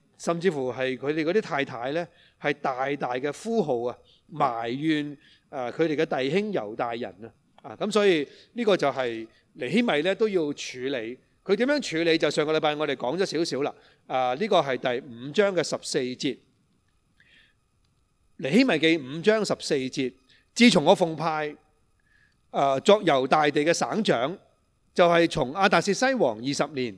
Speaker 1: 甚至乎係佢哋嗰啲太太呢，係大大嘅呼號啊，埋怨啊佢哋嘅弟兄猶大人啊！啊咁，所以呢個就係尼希米呢都要處理。佢點樣處理？就上個禮拜我哋講咗少少啦。啊，呢個係第五章嘅十四節。尼希米記五章十四節，自從我奉派作猶大地嘅省長，就係從亞達薛西王二十年，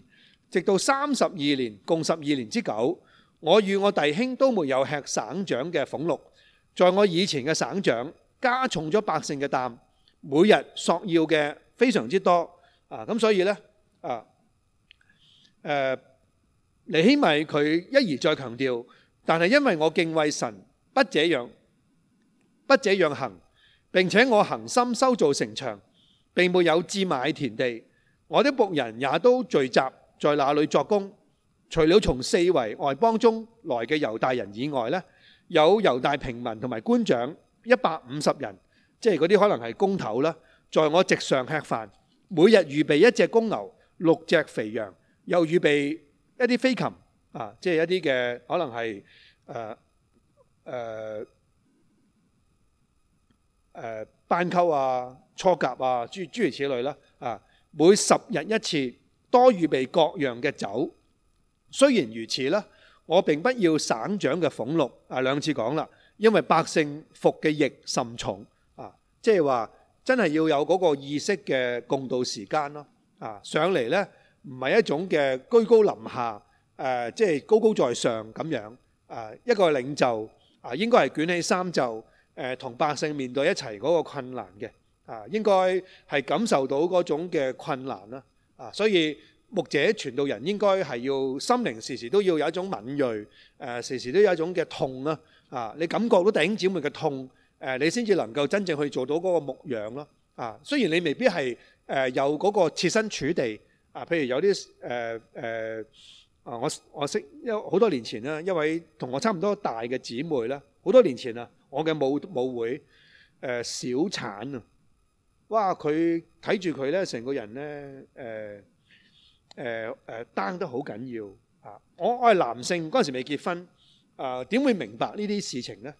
Speaker 1: 直到三十二年，共十二年之久。我與我弟兄都沒有吃省長嘅俸祿，在我以前的省長加重了百姓嘅擔，每日索要嘅非常之多，所以呢，呃，尼希米佢一而再強調，但是因為我敬畏神，不這樣，不這樣行，並且我恒心修造城牆，並沒有置買田地，我的僕人也都聚集在那裏做工，除了從四圍外邦中來嘅猶大人以外咧，有猶大平民同埋官長一百五十人，即係嗰啲可能係工頭啦，在我席上吃飯，每日預備一隻公牛、六隻肥羊，又預備一啲飛禽啊，即係一啲嘅可能係誒誒誒斑鳩啊、雛鴿啊，諸諸如此類啦。啊，每十日一次，多預備各樣嘅酒。雖然如此咧，我並不要省長嘅俸祿啊，兩次講啦，因為百姓服嘅役甚重啊，即係話真係要有嗰個意識嘅共度時間咯啊，上嚟呢唔係一種嘅居高臨下誒，即係高高在上咁樣啊，一個領袖啊應該係捲起衫袖誒，同百姓面對一齊嗰個困難嘅啊，應該係感受到嗰種嘅困難啦啊，所以。牧者傳道人應該係要心靈時時都要有一種敏鋭，誒、呃、時時都有一種嘅痛啦，啊！你感覺到弟兄姊妹嘅痛，誒、呃、你先至能夠真正去做到嗰個牧養。咯，啊！雖然你未必係誒、呃、有嗰個切身處地，啊，譬如有啲誒誒啊，我我識因好多年前啦，一位同我差唔多大嘅姊妹咧，好多年前啊，我嘅舞母，母會誒、呃、小產啊，哇！佢睇住佢咧，成個人咧誒。呃誒誒單得好緊要啊！我我係男性嗰陣時未結婚，啊、呃、點會明白呢啲事情呢？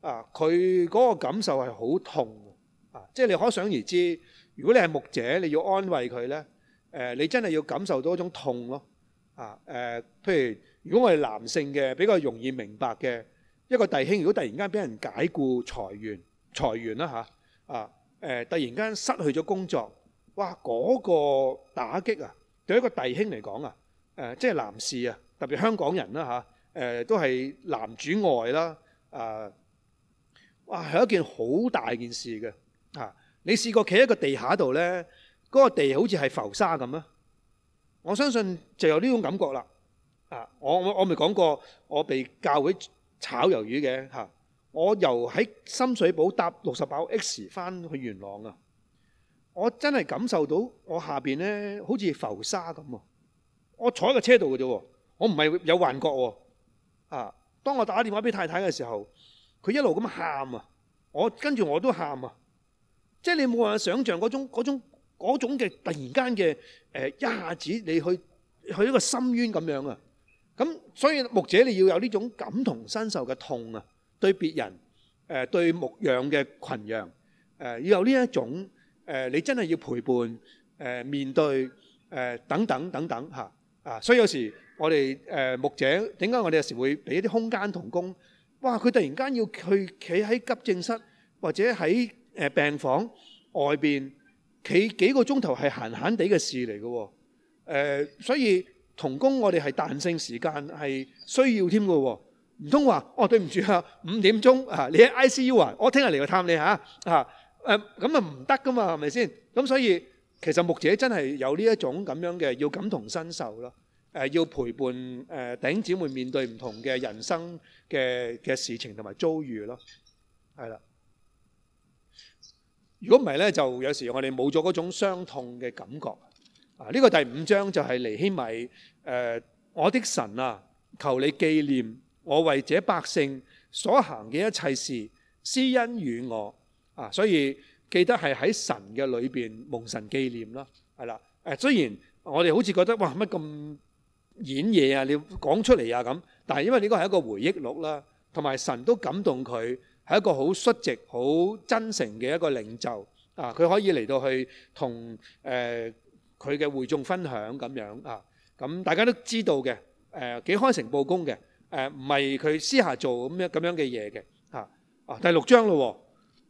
Speaker 1: 啊、呃，佢嗰個感受係好痛啊！啊即係你可想而知，如果你係牧者，你要安慰佢呢，誒、呃、你真係要感受到一種痛咯啊！誒、啊呃，譬如如果我係男性嘅，比較容易明白嘅一個弟兄，如果突然間俾人解雇、裁員、裁員啦，嚇，啊誒、啊呃，突然間失去咗工作，哇！嗰、嗰個打擊啊！對一個弟兄嚟講啊，誒、呃，即係男士啊，特別香港人啦嚇，誒、啊呃，都係男主外啦，啊，哇，係一件好大件事嘅，嚇、啊！你試過企喺個地下度咧，嗰個地好似係浮沙咁啊！我相信就有呢種感覺啦，啊，我我我咪講過，我被教會炒魷魚嘅嚇、啊，我由喺深水埗搭六十八號 X 翻去元朗啊！我真係感受到我下邊呢好似浮沙咁喎，我坐喺個車度嘅啫喎，我唔係有幻覺喎。啊，當我打電話俾太太嘅時候，佢一路咁喊啊，我跟住我都喊啊，即係你冇人想象嗰種嗰種嗰種嘅突然間嘅誒一下子你去去一個深淵咁樣啊，咁所以牧者你要有呢種感同身受嘅痛啊，對別人誒對牧羊嘅群羊誒要有呢一種。誒、呃，你真係要陪伴、誒、呃、面對、誒、呃、等等等等嚇啊！所以有時我哋誒、呃、牧者點解我哋有時會俾一啲空間同工？哇！佢突然間要去企喺急症室或者喺誒、呃、病房外邊企幾個鐘頭係閒閒地嘅事嚟嘅喎。所以同工我哋係彈性時間係需要添嘅喎。唔通話哦對唔住啊，五點鐘啊，你喺 ICU 啊，我聽日嚟個探你嚇啊！啊。誒，咁啊唔得噶嘛，係咪先？咁所以其實牧者真係有呢一種咁樣嘅，要感同身受咯。誒，要陪伴誒弟兄姊妹面對唔同嘅人生嘅嘅事情同埋遭遇咯。係啦，如果唔係咧，就有時我哋冇咗嗰種傷痛嘅感覺。啊，呢個第五章就係尼希米。誒，我的神啊，求你記念我為這百姓所行嘅一切事，施恩與我。啊，所以記得係喺神嘅裏邊蒙神紀念啦，係啦。誒，雖然我哋好似覺得哇乜咁演嘢啊，你講出嚟啊咁，但係因為呢個係一個回憶錄啦，同埋神都感動佢係一個好率直、好真誠嘅一個領袖啊。佢可以嚟到去同誒佢嘅會眾分享咁樣啊。咁大家都知道嘅誒，幾開誠佈公嘅誒，唔係佢私下做咁樣咁樣嘅嘢嘅嚇。啊，第六章咯喎。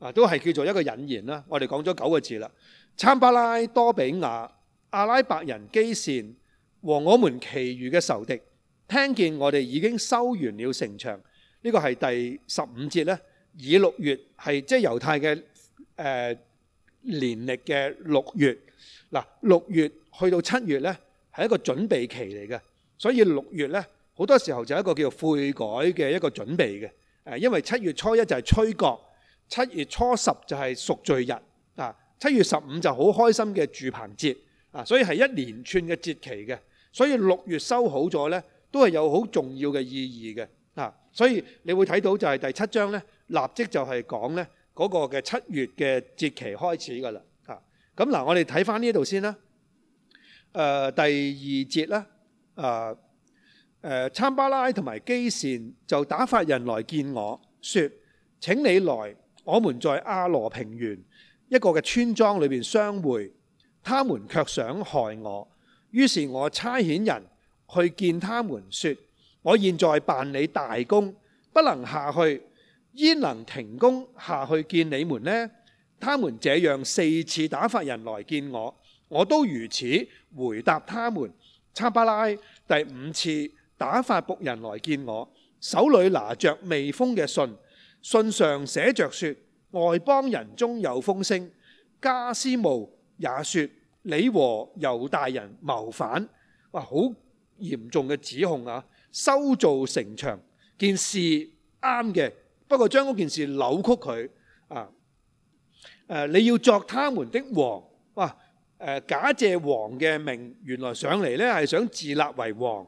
Speaker 1: 啊，都係叫做一個引言啦。我哋講咗九個字啦：參巴拉、多比亞、阿拉伯人、基善和我們其餘嘅仇敵，聽見我哋已經修完了城牆。呢個係第十五節呢，以六月係即係猶太嘅誒、呃、年歷嘅六月。嗱，六月去到七月呢，係一個準備期嚟嘅，所以六月呢，好多時候就係一個叫做悔改嘅一個準備嘅。誒，因為七月初一就係吹角。七月初十就係贖罪日啊，七月十五就好開心嘅住棚節啊，所以係一連串嘅節期嘅。所以六月修好咗呢，都係有好重要嘅意義嘅啊。所以你會睇到就係第七章呢，立即就係講呢嗰、那個嘅七月嘅節期開始噶啦啊。咁、啊、嗱，我哋睇返呢度先啦。誒、呃、第二節啦，誒誒參巴拉同埋基善就打發人來見我，說：請你來。我們在阿挪平原一個嘅村莊裏邊相會，他們卻想害我，於是我差遣人去見他們，說：我現在辦理大工，不能下去，焉能停工下去見你們呢？他們這樣四次打發人來見我，我都如此回答他們。參巴拉第五次打發僕人來見我，手裏拿着未封嘅信。信上寫着說外邦人中有風聲，迦施慕也説你和猶大人謀反，哇！好嚴重嘅指控啊！修造城牆件事啱嘅，不過將嗰件事扭曲佢啊,啊！你要作他們的王，哇、啊啊！假借王嘅名，原來上嚟呢係想自立為王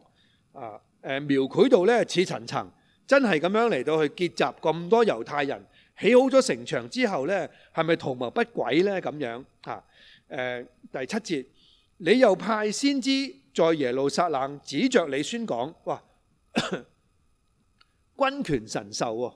Speaker 1: 啊！誒、啊，描繪到呢似層層。真係咁樣嚟到去結集咁多猶太人起好咗城牆之後呢，係咪圖謀不軌呢？咁樣、呃、第七節，你又派先知在耶路撒冷指着你宣講，哇！軍權 神授喎、啊，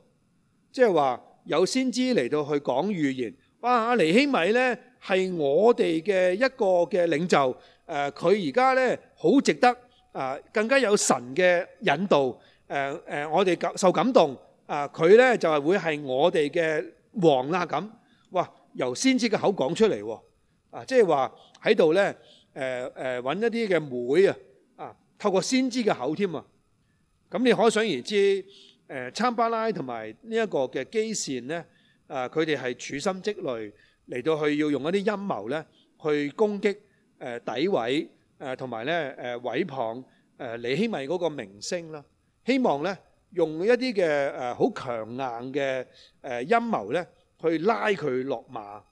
Speaker 1: 即係話有先知嚟到去講預言。哇！阿尼希米呢，係我哋嘅一個嘅領袖，佢而家呢，好值得啊、呃，更加有神嘅引導。誒誒，我哋感受感動啊！佢、呃、咧就係會係我哋嘅王啦咁。哇、呃，由先知嘅口講出嚟啊，即係話喺度咧，誒誒揾一啲嘅妹啊，啊，透過先知嘅口添啊。咁、嗯、你可想而知，誒、呃、參巴拉同埋呢一個嘅基善咧，啊，佢哋係處心積慮嚟到去要用一啲陰謀咧去攻擊、誒詆毀、誒同埋咧誒毀謗、誒嚟欺詐嗰個明星啦。啊。希望咧用一啲嘅誒好強硬嘅誒陰謀咧，去拉佢落馬。誒、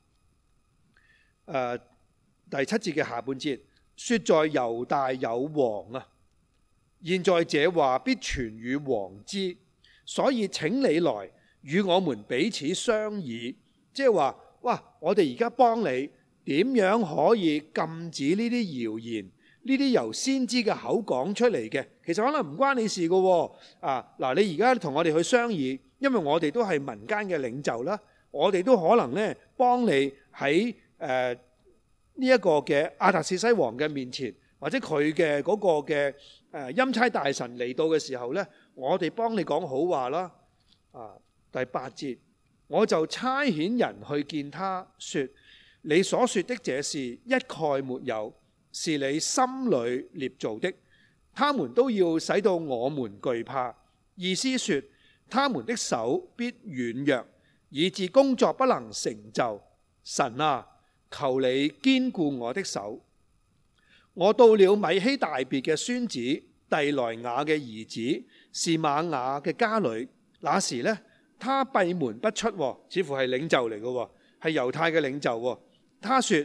Speaker 1: 呃、第七節嘅下半節，説在猶大有王啊，現在這話必傳與王知，所以請你來與我們彼此商議。即係話，哇！我哋而家幫你點樣可以禁止呢啲謠言？呢啲由先知嘅口講出嚟嘅，其實可能唔關你事嘅喎、啊。啊，嗱，你而家同我哋去商議，因為我哋都係民間嘅領袖啦，我哋都可能呢幫你喺呢一個嘅亞達薛西王嘅面前，或者佢嘅嗰個嘅誒欽差大臣嚟到嘅時候呢，我哋幫你講好話啦。啊，第八節，我就差遣人去見他，說你所說的這事一概沒有。是你心裏捏造的，他們都要使到我們懼怕。意思說，他們的手必軟弱，以致工作不能成就。神啊，求你堅固我的手。我到了米希大別嘅孫子蒂萊雅嘅兒子示瑪雅嘅家裏，那時呢，他閉門不出，似乎係領袖嚟嘅，係猶太嘅領袖。他說。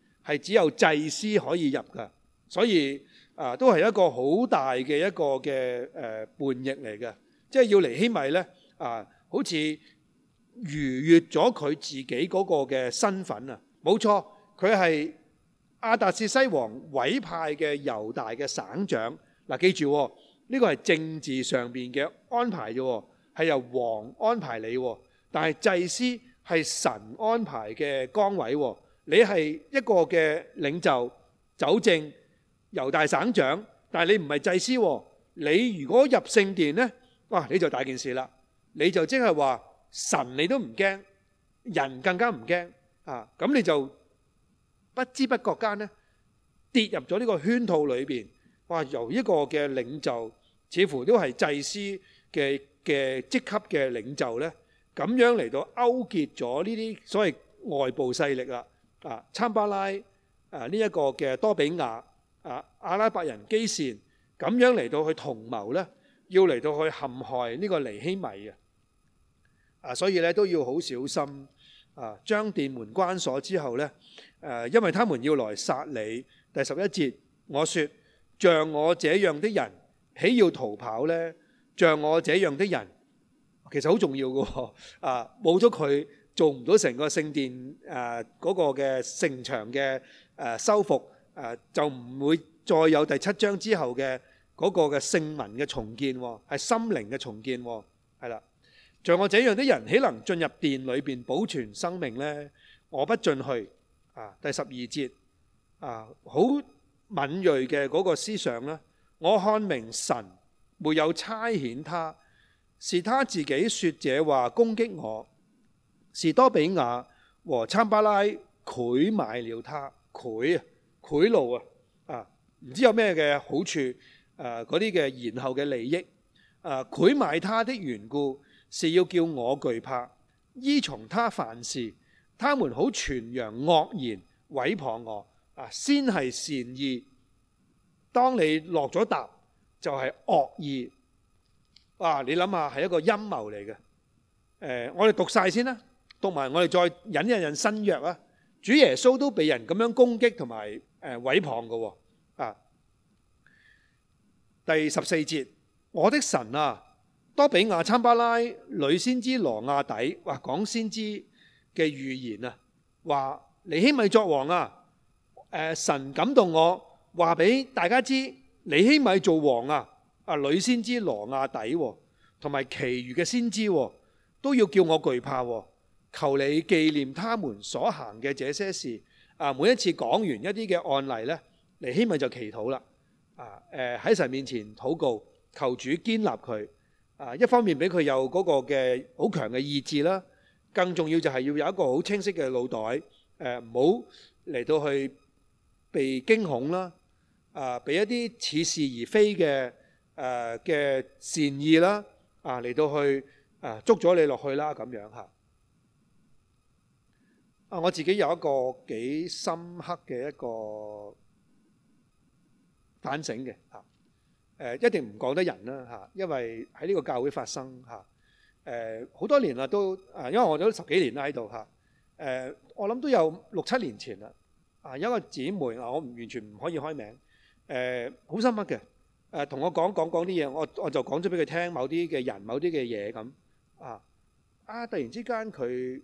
Speaker 1: 係只有祭司可以入㗎，所以啊，都係一個好大嘅一個嘅誒叛逆嚟嘅，即係要嚟希米呢，啊！好似逾越咗佢自己嗰個嘅身份啊，冇錯，佢係亞達薛西王委派嘅猶大嘅省長。嗱，記住喎，呢個係政治上面嘅安排啫，係由王安排你喎，啊，但係祭司係神安排嘅崗位喎，啊。你係一個嘅領袖，酒政，猶大省長，但係你唔係祭司喎。你如果入聖殿咧，哇！你就大件事啦。你就即係話神你都唔驚，人更加唔驚啊！咁你就不知不覺間咧跌入咗呢個圈套裏邊。哇！由一個嘅領袖，似乎都係祭司嘅嘅職級嘅領袖咧，咁樣嚟到勾結咗呢啲所謂外部勢力啦。啊，參巴拉，啊呢一個嘅多比亞，啊阿拉伯人基善，咁樣嚟到去同謀咧，要嚟到去陷害呢個尼希米啊，啊所以咧都要好小心，啊將殿門關鎖之後咧，誒因為他們要來殺你，第十一節，我説像我這樣的人，豈要逃跑咧？像我這樣的人，其實好重要嘅喎，啊冇咗佢。做唔到成個聖殿，誒嗰個嘅聖牆嘅，誒修復，誒就唔會再有第七章之後嘅嗰個嘅聖民嘅重建，係心靈嘅重建，係啦。像我這樣啲人，豈能進入殿裏邊保存生命呢？我不進去啊！第十二節啊，好敏鋭嘅嗰個思想啦。我看明神沒有差遣他，是他自己説這話攻擊我。士多比亞和參巴拉，佢賣了他，佢啊，賄賂啊，啊，唔知有咩嘅好處，啊，嗰啲嘅然後嘅利益，啊，佢賣他的緣故是要叫我懼怕，依從他凡事，他們好傳揚惡言，毀謗我，啊，先係善意，當你落咗答就係惡意，哇、啊，你諗下係一個陰謀嚟嘅，誒、啊，我哋讀晒先啦。同埋我哋再引一引新約啊！主耶穌都被人咁樣攻擊同埋誒毀謗嘅喎啊！第十四節，我的神啊，多比亞參巴拉女先知羅亞底話講先知嘅預言啊，話尼希米作王啊，呃、神感動我話俾大家知，尼希米做王啊啊女先知羅亞底同、啊、埋其餘嘅先知、啊、都要叫我懼怕、啊。求你紀念他們所行嘅這些事。啊，每一次講完一啲嘅案例呢，你希望就祈禱啦。啊，誒喺神面前禱告，求主堅立佢。啊，一方面俾佢有嗰個嘅好強嘅意志啦，更重要就係要有一個好清晰嘅腦袋。誒，唔好嚟到去被驚恐啦。啊，俾一啲似是而非嘅誒嘅善意啦。啊，嚟到去啊，捉咗你落去啦咁樣嚇。啊！我自己有一個幾深刻嘅一個反省嘅嚇，誒一定唔講得人啦嚇，因為喺呢個教會發生嚇，誒好多年啦都誒，因為我都十幾年啦喺度嚇，誒我諗都有六七年前啦，啊有一個姊妹啊，我唔完全唔可以開名，誒好深刻嘅誒，同我講講講啲嘢，我我就講咗俾佢聽某啲嘅人、某啲嘅嘢咁啊啊！突然之間佢。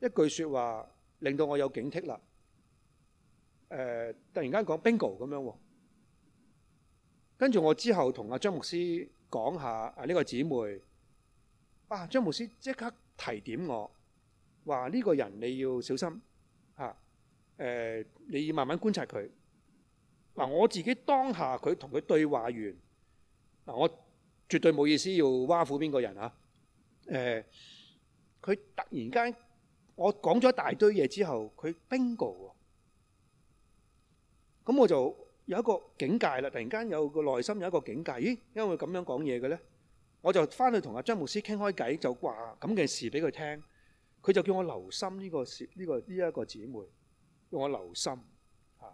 Speaker 1: 一句説話令到我有警惕啦。誒、呃，突然間講 bingo 咁樣喎，跟住我之後同阿張牧師講下啊呢、呢個姊妹，啊張牧師即刻提點我，話呢個人你要小心嚇。誒、啊呃，你要慢慢觀察佢。嗱、啊，我自己當下佢同佢對話完，嗱、啊、我絕對冇意思要挖苦邊個人嚇。誒、啊，佢、啊、突然間。我講咗一大堆嘢之後，佢冰 i 喎，咁我就有一個警戒啦。突然間有個內心有一個警戒。咦，因為咁樣講嘢嘅咧，我就翻去同阿張牧師傾開偈，就話咁嘅事俾佢聽，佢就叫我留心呢、這個姊呢、這個呢一、這個這個姊妹，叫我留心啊。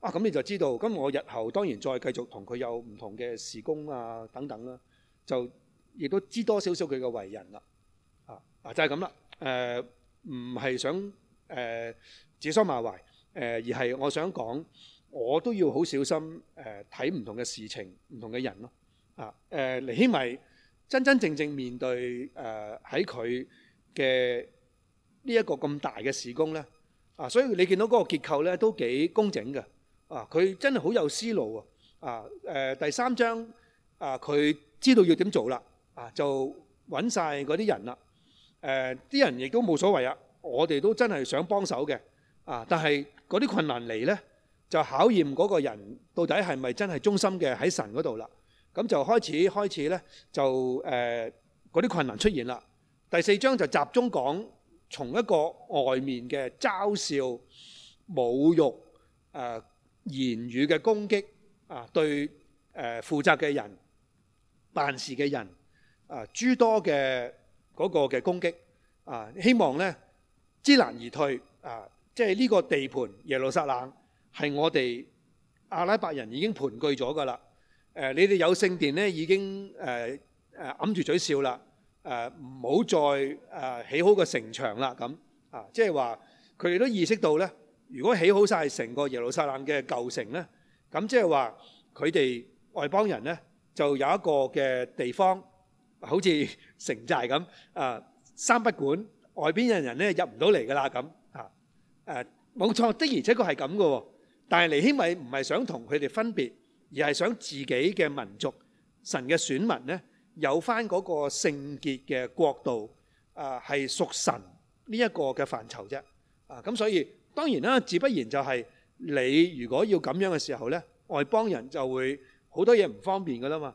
Speaker 1: 啊，咁你就知道，咁我日後當然再繼續同佢有唔同嘅事工啊等等啦、啊，就亦都知多少少佢嘅為人啦。啊啊，就係咁啦，誒、呃。唔係想誒指桑罵槐誒，而係我想講，我都要好小心誒睇唔同嘅事情、唔同嘅人咯啊誒，嚟起咪真真正正面對誒喺佢嘅呢一個咁大嘅事工咧啊，所以你見到嗰個結構咧都幾工整嘅啊，佢真係好有思路啊誒、呃，第三章啊，佢知道要點做啦啊，就揾晒嗰啲人啦。誒啲、呃、人亦都冇所謂啊！我哋都真係想幫手嘅啊，但係嗰啲困難嚟呢，就考驗嗰個人到底係咪真係忠心嘅喺神嗰度啦？咁、嗯、就開始開始呢，就誒嗰啲困難出現啦。第四章就集中講從一個外面嘅嘲笑、侮辱、誒、呃、言語嘅攻擊啊，對誒負、呃、責嘅人、辦事嘅人啊，諸多嘅。嗰個嘅攻擊，啊，希望咧知難而退啊！即係呢個地盤耶路撒冷係我哋阿拉伯人已經盤踞咗噶啦。誒，你哋有聖殿咧已經誒誒揞住嘴笑啦。誒，唔好再誒起好個城牆啦咁啊！即係話佢哋都意識到咧，如果起好晒成個耶路撒冷嘅舊城咧，咁即係話佢哋外邦人咧就有一個嘅地方。好似城寨咁，啊，三不管外邊嘅人咧入唔到嚟噶啦咁，啊，誒，冇錯，的而且確係咁噶喎。但係尼希米唔係想同佢哋分別，而係想自己嘅民族、神嘅選民咧，有返嗰個聖潔嘅國度，啊，係屬神呢一個嘅範疇啫。啊，咁所以當然啦，自不然就係你如果要咁樣嘅時候咧，外邦人就會好多嘢唔方便噶啦嘛。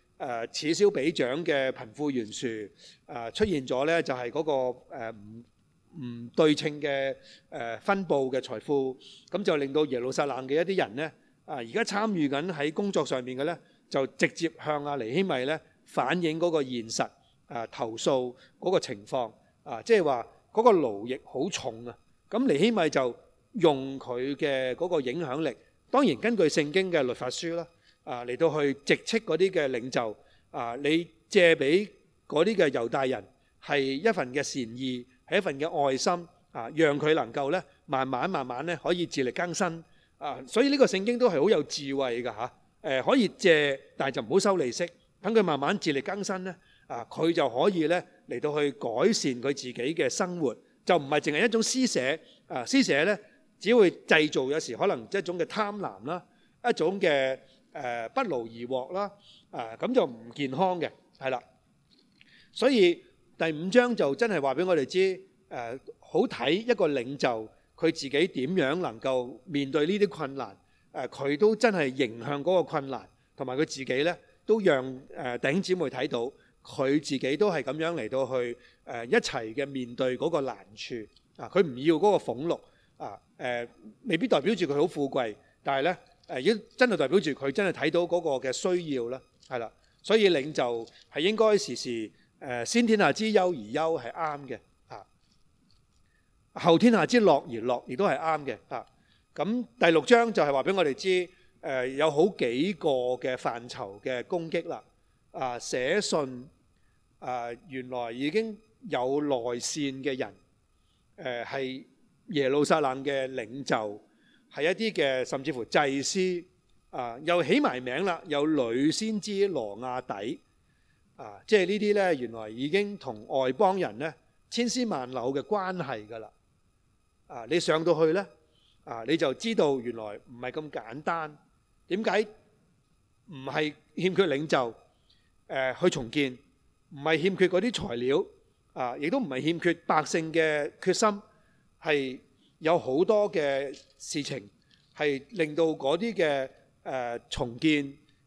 Speaker 1: 誒此消彼長嘅貧富懸殊，誒出現咗咧就係嗰個誒唔唔對稱嘅誒分佈嘅財富，咁就令到耶路撒冷嘅一啲人咧，啊而家參與緊喺工作上面嘅咧，就直接向阿尼希米咧反映嗰個現實，誒投訴嗰個情況，啊即係話嗰個勞役好重啊，咁尼希米就用佢嘅嗰個影響力，當然根據聖經嘅律法書啦。啊，嚟到去直斥嗰啲嘅領袖啊，你借俾嗰啲嘅猶大人係一份嘅善意，係一份嘅愛心啊，讓佢能夠咧慢慢慢慢咧可以自力更生啊。所以呢個聖經都係好有智慧㗎嚇。誒，可以借，但係就唔好收利息，等佢慢慢自力更生咧啊，佢就可以咧嚟到去改善佢自己嘅生活，就唔係淨係一種施捨啊。施捨咧，只會製造有時可能一種嘅貪婪啦，一種嘅。誒不勞而獲啦，誒咁就唔健康嘅，係啦。所以第五章就真係話俾我哋知，誒好睇一個領袖佢自己點樣能夠面對呢啲困難，誒佢都真係迎向嗰個困難，同埋佢自己呢都讓誒弟兄姊妹睇到佢自己都係咁樣嚟到去誒一齊嘅面對嗰個難處啊！佢唔要嗰個俸祿啊，誒未必代表住佢好富貴，但係呢。誒要真係代表住佢真係睇到嗰個嘅需要啦，係啦，所以領袖係應該時時誒先天下之憂而憂係啱嘅，嚇後天下之樂而樂亦都係啱嘅，嚇。咁第六章就係話俾我哋知，誒有好幾個嘅範疇嘅攻擊啦，啊寫信啊原來已經有內線嘅人，誒係耶路撒冷嘅領袖。係一啲嘅，甚至乎祭司啊，又起埋名啦，有女先知、羅亞底啊，即係呢啲咧，原來已經同外邦人咧千絲萬縷嘅關係㗎啦。啊，你上到去咧，啊你就知道原來唔係咁簡單。點解？唔係欠缺領袖，誒，去重建唔係欠缺嗰啲材料啊，亦都唔係欠缺百姓嘅決心係。有好多嘅事情係令到嗰啲嘅誒重建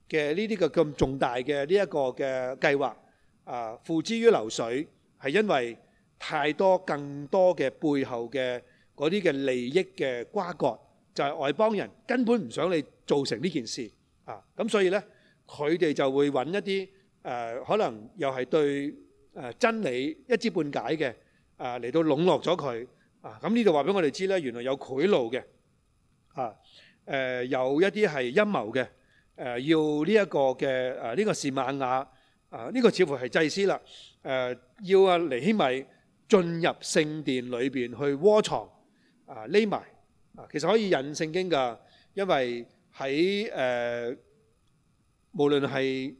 Speaker 1: 嘅呢啲嘅咁重大嘅呢一個嘅計劃啊付之於流水，係因為太多更多嘅背後嘅嗰啲嘅利益嘅瓜葛，就係外邦人根本唔想你造成呢件事啊。咁所以咧，佢哋就會揾一啲誒可能又係對誒真理一知半解嘅啊嚟到籠絡咗佢。啊！咁呢度話俾我哋知咧，原來有賄賂嘅，啊誒有一啲係陰謀嘅，誒要呢一個嘅誒呢個示瑪雅啊，呢個似乎係祭司啦，誒要阿尼希米進入聖殿裏邊去窩藏啊匿埋啊，其實可以引聖經㗎，因為喺誒無論係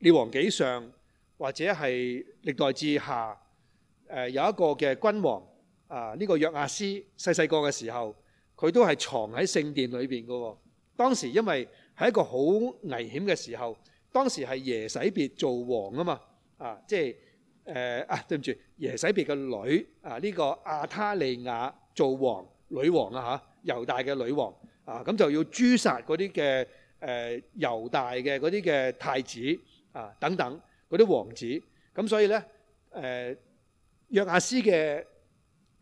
Speaker 1: 列王紀上或者係歷代志下誒有一個嘅君王。啊！呢、這個約亞斯細細個嘅時候，佢都係藏喺聖殿裏邊嘅喎。當時因為係一個好危險嘅時候，當時係耶洗別做王啊嘛，啊即係誒、呃、啊對唔住，耶洗別嘅女啊呢、這個亞他利亞做王女王啊嚇，猶大嘅女王啊咁就要誅殺嗰啲嘅誒猶大嘅嗰啲嘅太子啊等等嗰啲王子，咁所以咧誒、呃、約亞斯嘅。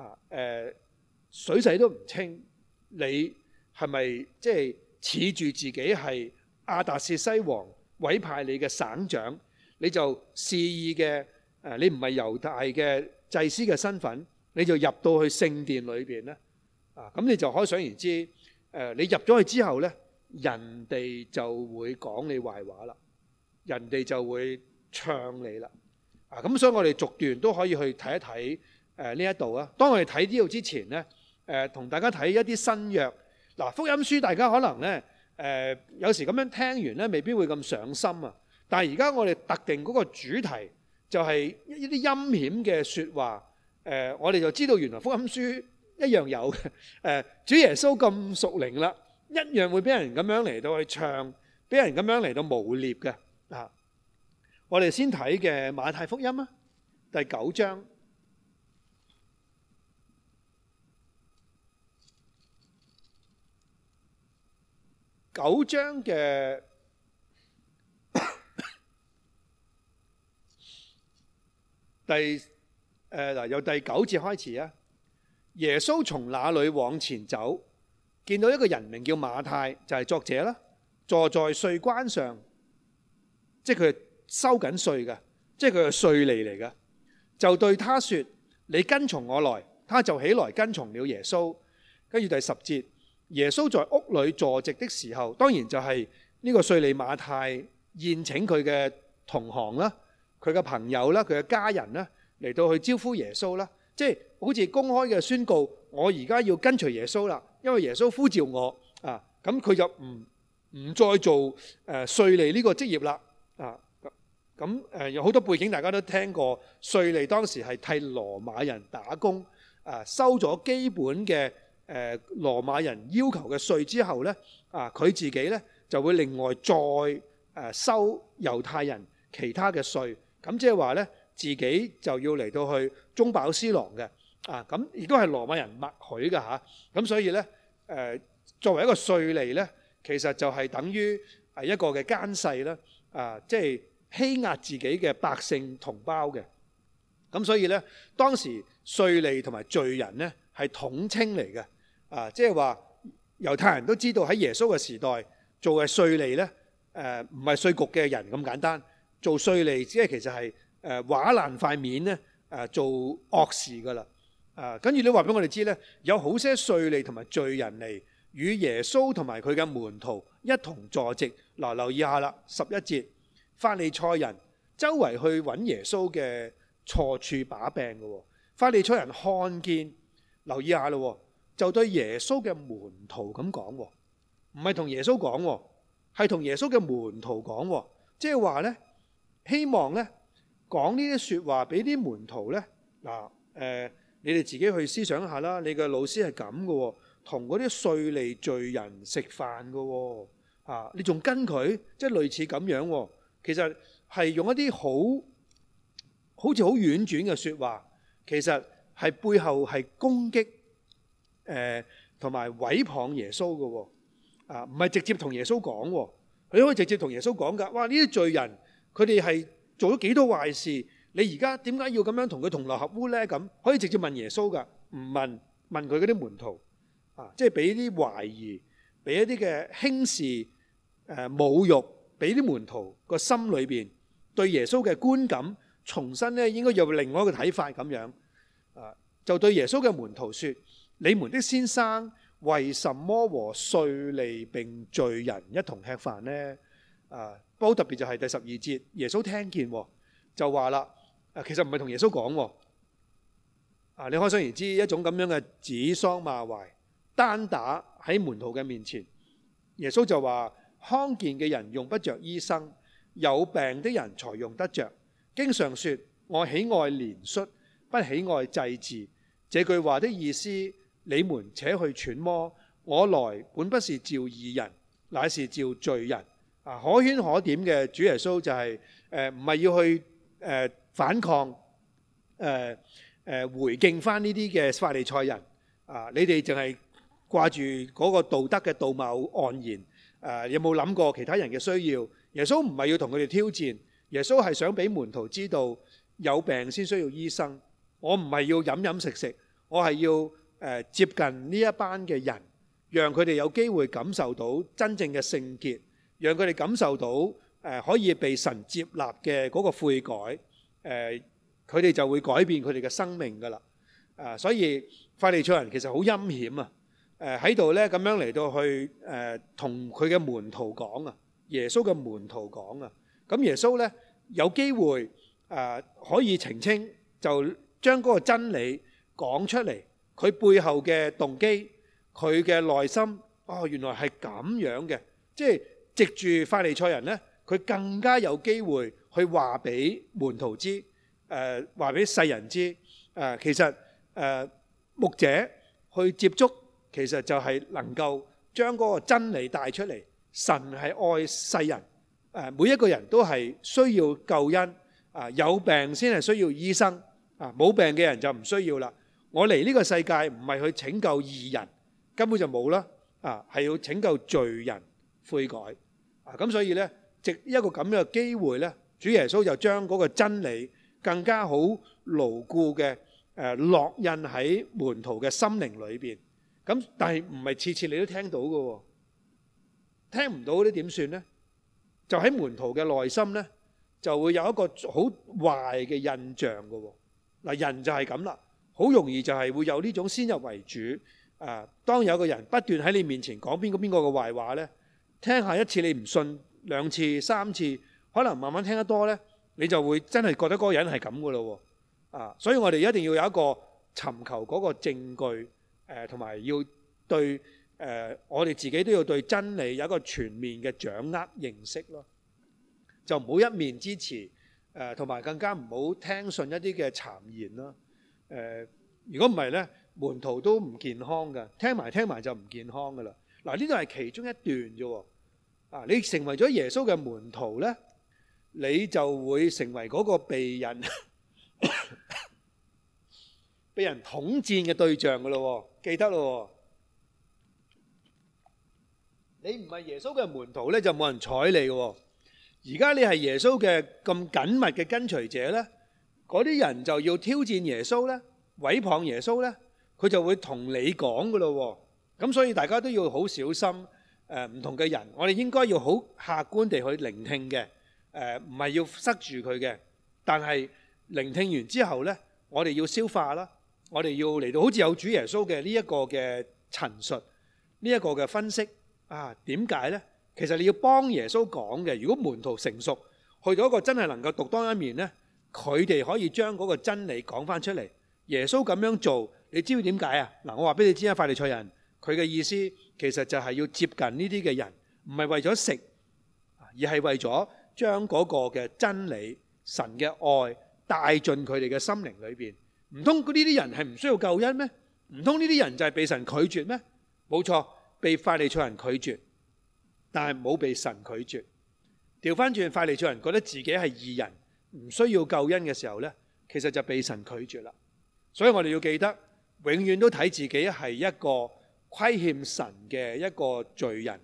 Speaker 1: 啊誒，水勢都唔清，你係咪即係恃住自己係亞達薛西王委派你嘅省長，你就肆意嘅誒？你唔係猶太嘅祭司嘅身份，你就入到去聖殿裏邊咧？啊，咁你就可想而知誒？你入咗去之後咧，人哋就會講你壞話啦，人哋就會唱你啦。啊，咁所以我哋逐段都可以去睇一睇。誒呢一度啊，當我哋睇呢度之前呢，誒同大家睇一啲新約嗱，福音書大家可能呢，誒有時咁樣聽完呢，未必會咁上心啊。但係而家我哋特定嗰個主題就係一啲陰險嘅説話，誒我哋就知道原來福音書一樣有嘅。誒主耶穌咁屬靈啦，一樣會俾人咁樣嚟到去唱，俾人咁樣嚟到污蔑嘅啊。我哋先睇嘅馬太福音啊，第九章。九章嘅第誒由第九節開始啊，耶穌從那裏往前走，見到一個人名叫馬太，就係作者啦，坐在稅關上，即係佢收緊稅㗎，即係佢係稅吏嚟㗎，就對他説：你跟從我來。他就起來跟從了耶穌。跟住第十節。耶穌在屋裏坐席的時候，當然就係呢個稅吏馬太宴請佢嘅同行啦、佢嘅朋友啦、佢嘅家人啦，嚟到去招呼耶穌啦，即係好似公開嘅宣告：我而家要跟隨耶穌啦，因為耶穌呼召我啊。咁佢就唔唔再做誒稅吏呢個職業啦。啊，咁誒、啊啊、有好多背景大家都聽過，稅吏當時係替羅馬人打工啊，收咗基本嘅，誒羅馬人要求嘅稅之後呢，啊佢自己呢就會另外再誒收猶太人其他嘅稅，咁即係話呢，自己就要嚟到去中飽私囊嘅，啊咁亦都係羅馬人默許嘅嚇，咁所以呢，誒作為一個稅吏呢，其實就係等於係一個嘅奸細啦，啊即係欺壓自己嘅百姓同胞嘅，咁所以呢，當時稅吏同埋罪人呢係統稱嚟嘅。啊，即係話猶太人都知道喺耶穌嘅時代做嘅稅吏呢，誒唔係稅局嘅人咁簡單，做稅吏即係其實係誒畫爛塊面呢，誒、呃、做惡事噶啦。啊，跟住你話俾我哋知呢，有好些稅吏同埋罪人嚟與耶穌同埋佢嘅門徒一同坐席。嗱，留意下啦，十一節，法利賽人周圍去揾耶穌嘅錯處把柄嘅喎，法利賽人看見，留意下啦。啊就對耶穌嘅門徒咁講，唔係同耶穌講，係同耶穌嘅門徒講，即係話呢，希望呢講呢啲説話俾啲門徒呢。嗱，誒，你哋自己去思想下啦。你嘅老師係咁嘅，同嗰啲稅吏罪人食飯嘅，啊，你仲跟佢，即係類似咁樣，其實係用一啲好，好似好婉轉嘅説話，其實係背後係攻擊。誒同埋毀謗耶穌嘅喎，啊唔係直接同耶穌講喎，佢、啊、可以直接同耶穌講㗎。哇！呢啲罪人佢哋係做咗幾多壞事？你而家點解要咁樣同佢同流合污呢？咁可以直接問耶穌㗎，唔問問佢嗰啲門徒啊，即係俾啲懷疑，俾一啲嘅輕視、誒、啊、侮辱，俾啲門徒個心裏邊對耶穌嘅觀感重新咧應該有另外一個睇法咁樣啊，就對耶穌嘅門徒説。你們的先生為什麼和稅吏並罪人一同吃飯呢？啊，好特別就係第十二節，耶穌聽見就話啦，啊，其實唔係同耶穌講，啊，你可想而知一種咁樣嘅指桑罵槐、單打喺門徒嘅面前。耶穌就話：康健嘅人用不着醫生，有病的人才用得着。經常說我喜愛憐恤，不喜愛祭祀。這句話的意思。你們且去揣摩，我來本不是召義人，乃是召罪人。啊，可圈可點嘅主耶穌就係誒唔係要去誒反抗誒誒回敬翻呢啲嘅法利賽人啊！你哋淨係掛住嗰個道德嘅道貌岸然，誒有冇諗過其他人嘅需要？耶穌唔係要同佢哋挑戰，耶穌係想俾門徒知道有病先需要醫生。我唔係要飲飲食食，我係要。誒接近呢一班嘅人，讓佢哋有機會感受到真正嘅聖潔，讓佢哋感受到誒可以被神接納嘅嗰個悔改，誒佢哋就會改變佢哋嘅生命㗎啦。啊，所以法利賽人其實好陰險啊！誒喺度咧咁樣嚟到去誒同佢嘅門徒講啊，耶穌嘅門徒講啊，咁耶穌咧有機會誒可以澄清，就將嗰個真理講出嚟。佢背後嘅動機，佢嘅內心，哦，原來係咁樣嘅，即係藉住法利賽人呢，佢更加有機會去話俾門徒知，誒話俾世人知，誒其實誒牧者去接觸，其實就係能夠將嗰個真理帶出嚟。神係愛世人，誒每一個人都係需要救恩，啊有病先係需要醫生，啊冇病嘅人就唔需要啦。我嚟呢個世界唔係去拯救義人，根本就冇啦。啊，係要拯救罪人悔改。啊，咁所以咧，值一個咁樣嘅機會咧，主耶穌就將嗰個真理更加好牢固嘅誒烙印喺門徒嘅心靈裏邊。咁但係唔係次次你都聽到噶聽唔到嗰啲點算咧？就喺門徒嘅內心咧，就會有一個好壞嘅印象噶。嗱，人就係咁啦。好容易就係會有呢種先入為主啊。當有個人不斷喺你面前講邊個邊個嘅壞話呢，聽下一次你唔信，兩次三次，可能慢慢聽得多呢，你就會真係覺得嗰個人係咁嘅咯喎啊。所以我哋一定要有一個尋求嗰個證據同埋、啊、要對誒、啊、我哋自己都要對真理有一個全面嘅掌握認識咯，就唔好一面之詞誒，同、啊、埋更加唔好聽信一啲嘅讒言咯。誒，如果唔係咧，門徒都唔健康㗎，聽埋聽埋就唔健康噶啦。嗱，呢度係其中一段啫。啊，你成為咗耶穌嘅門徒咧，你就會成為嗰個被人被人統戰嘅對象噶啦。記得啦，你唔係耶穌嘅門徒咧，就冇人睬你嘅。而家你係耶穌嘅咁緊密嘅跟隨者咧。嗰啲人就要挑戰耶穌咧，毀謗耶穌咧，佢就會同你講噶咯喎。咁所以大家都要好小心。誒唔同嘅人，我哋應該要好客觀地去聆聽嘅。誒唔係要塞住佢嘅，但係聆聽完之後咧，我哋要消化啦。我哋要嚟到好似有主耶穌嘅呢一個嘅陳述，呢一個嘅分析。啊，點解咧？其實你要幫耶穌講嘅。如果門徒成熟，去到一個真係能夠獨當一面咧。佢哋可以將嗰個真理講翻出嚟。耶穌咁樣做，你知唔知點解啊？嗱，我話俾你知啊，法利賽人佢嘅意思其實就係要接近呢啲嘅人，唔係為咗食，而係為咗將嗰個嘅真理、神嘅愛帶進佢哋嘅心靈裏邊。唔通呢啲人係唔需要救恩咩？唔通呢啲人就係被神拒絕咩？冇錯，被法利賽人拒絕，但係冇被神拒絕。調翻轉，法利賽人覺得自己係義人。唔需要救恩嘅時候呢，其實就被神拒絕啦。所以我哋要記得，永遠都睇自己係一個虧欠神嘅一個罪人，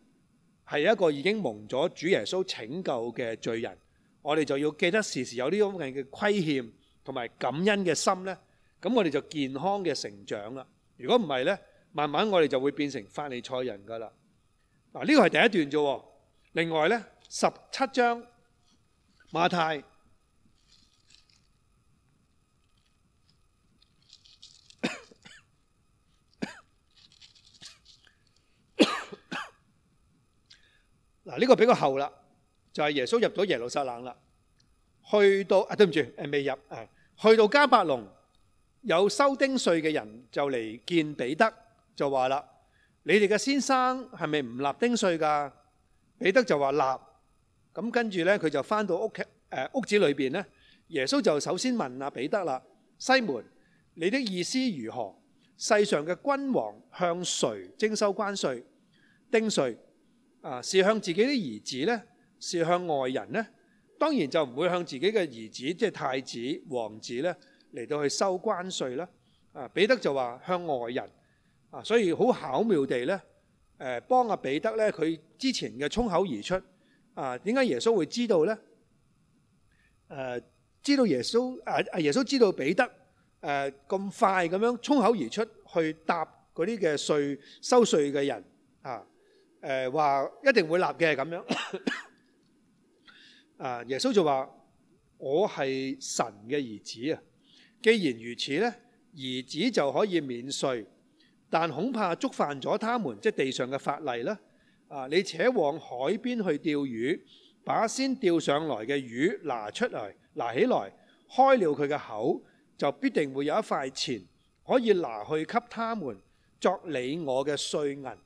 Speaker 1: 係一個已經蒙咗主耶穌拯救嘅罪人。我哋就要記得時時有呢種嘅虧欠同埋感恩嘅心呢，咁我哋就健康嘅成長啦。如果唔係呢，慢慢我哋就會變成法利賽人㗎喇。嗱，呢個係第一段啫。另外呢，十七章馬太。嗱，呢個比較後啦，就係耶穌入咗耶路撒冷啦，去到啊，對唔住，誒未入啊，去到加百隆，有收丁稅嘅人就嚟見彼得，就話啦：你哋嘅先生係咪唔立丁稅噶？彼得就話立。咁跟住咧，佢就翻到屋企，誒屋子裏邊咧，耶穌就首先問阿彼得啦：西門，你的意思如何？世上嘅君王向誰徵收關稅、丁稅？啊，是向自己啲兒子呢，是向外人呢，當然就唔會向自己嘅兒子，即係太子、王子呢，嚟到去收關稅啦。啊，彼得就話向外人，啊，所以好巧妙地呢，誒幫阿彼得呢，佢之前嘅衝口而出，啊，點解耶穌會知道呢？誒、啊，知道耶穌，啊啊，耶穌知道彼得誒咁、啊、快咁樣衝口而出去答嗰啲嘅稅收稅嘅人。誒，話一定會立嘅係咁樣，啊！ 耶穌就話：我係神嘅兒子啊！既然如此呢，兒子就可以免稅，但恐怕觸犯咗他們即、就是、地上嘅法例啦。啊！你且往海邊去釣魚，把先釣上來嘅魚拿出來，拿起來，開了佢嘅口，就必定會有一塊錢可以拿去給他們作你我嘅稅銀。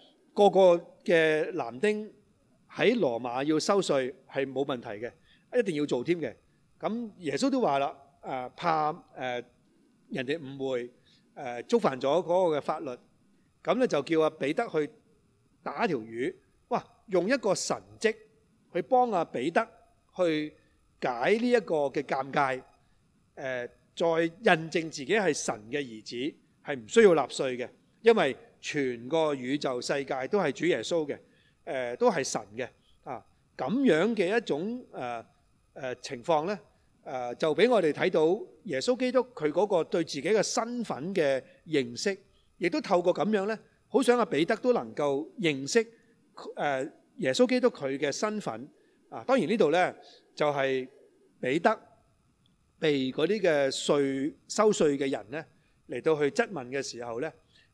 Speaker 1: 個個嘅男丁喺羅馬要收稅係冇問題嘅，一定要做添嘅。咁耶穌都話啦，誒怕誒人哋誤會誒觸犯咗嗰個嘅法律，咁咧就叫阿彼得去打條魚，哇！用一個神跡去幫阿彼得去解呢一個嘅尷尬，誒再印證自己係神嘅兒子，係唔需要納稅嘅，因為。全個宇宙世界都係主耶穌嘅，誒都係神嘅啊！咁樣嘅一種誒誒情況咧，誒就俾我哋睇到耶穌基督佢嗰個對自己嘅身份嘅認識，亦都透過咁樣咧，好想阿彼得都能夠認識誒耶穌基督佢嘅身份啊！當然呢度咧就係彼得被嗰啲嘅稅，收稅嘅人咧嚟到去質問嘅時候咧。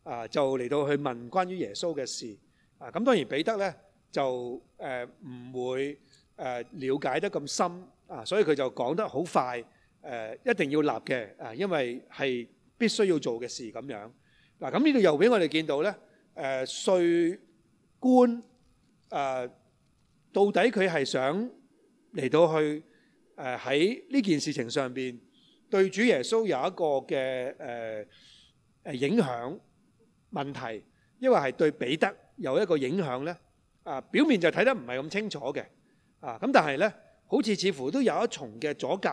Speaker 1: 啊，就嚟到去問關於耶穌嘅事啊，咁當然彼得咧就誒唔會誒了解得咁深啊，所以佢就講得好快誒，一定要立嘅啊，因為係必須要做嘅事咁樣。嗱，咁呢度又俾我哋見到咧誒，稅官啊，到底佢係想嚟到去誒喺呢件事情上邊對主耶穌有一個嘅誒誒影響。問題，因為係對彼得有一個影響呢。啊，表面就睇得唔係咁清楚嘅。啊，咁但係呢，好似似乎都有一重嘅阻隔。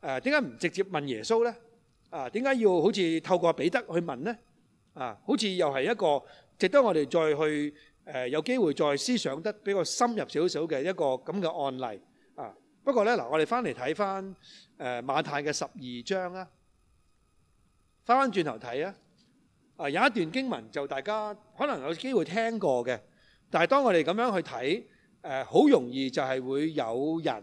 Speaker 1: 誒，點解唔直接問耶穌呢？啊，點解要好似透過彼得去問呢？啊，好似又係一個，值得我哋再去誒有機會再思想得比較深入少少嘅一個咁嘅案例。啊，不過呢嗱，我哋翻嚟睇翻誒馬太嘅十二章啊，翻翻轉頭睇啊。啊，有一段經文就大家可能有機會聽過嘅，但係當我哋咁樣去睇，誒好容易就係會有人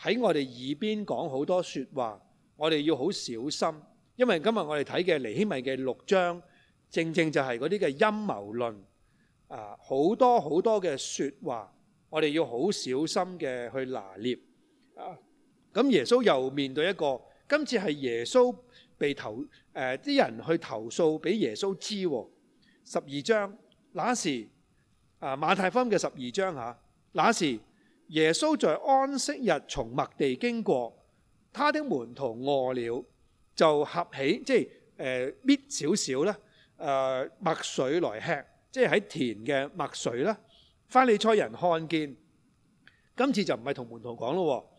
Speaker 1: 喺我哋耳邊講好多説話，我哋要好小心，因為今日我哋睇嘅尼希米嘅六章，正正就係嗰啲嘅陰謀論，啊好多好多嘅説話，我哋要好小心嘅去拿捏啊。咁耶穌又面對一個，今次係耶穌被投。誒啲人去投訴俾耶穌知喎，十二章，那時啊馬太福音嘅十二章嚇，那時耶穌在安息日從麥地經過，他的門徒餓了，就合起，即係誒搣少少咧，誒麥穗來吃，即係喺田嘅麥穗啦。法利賽人看見，今次就唔係同門徒講咯，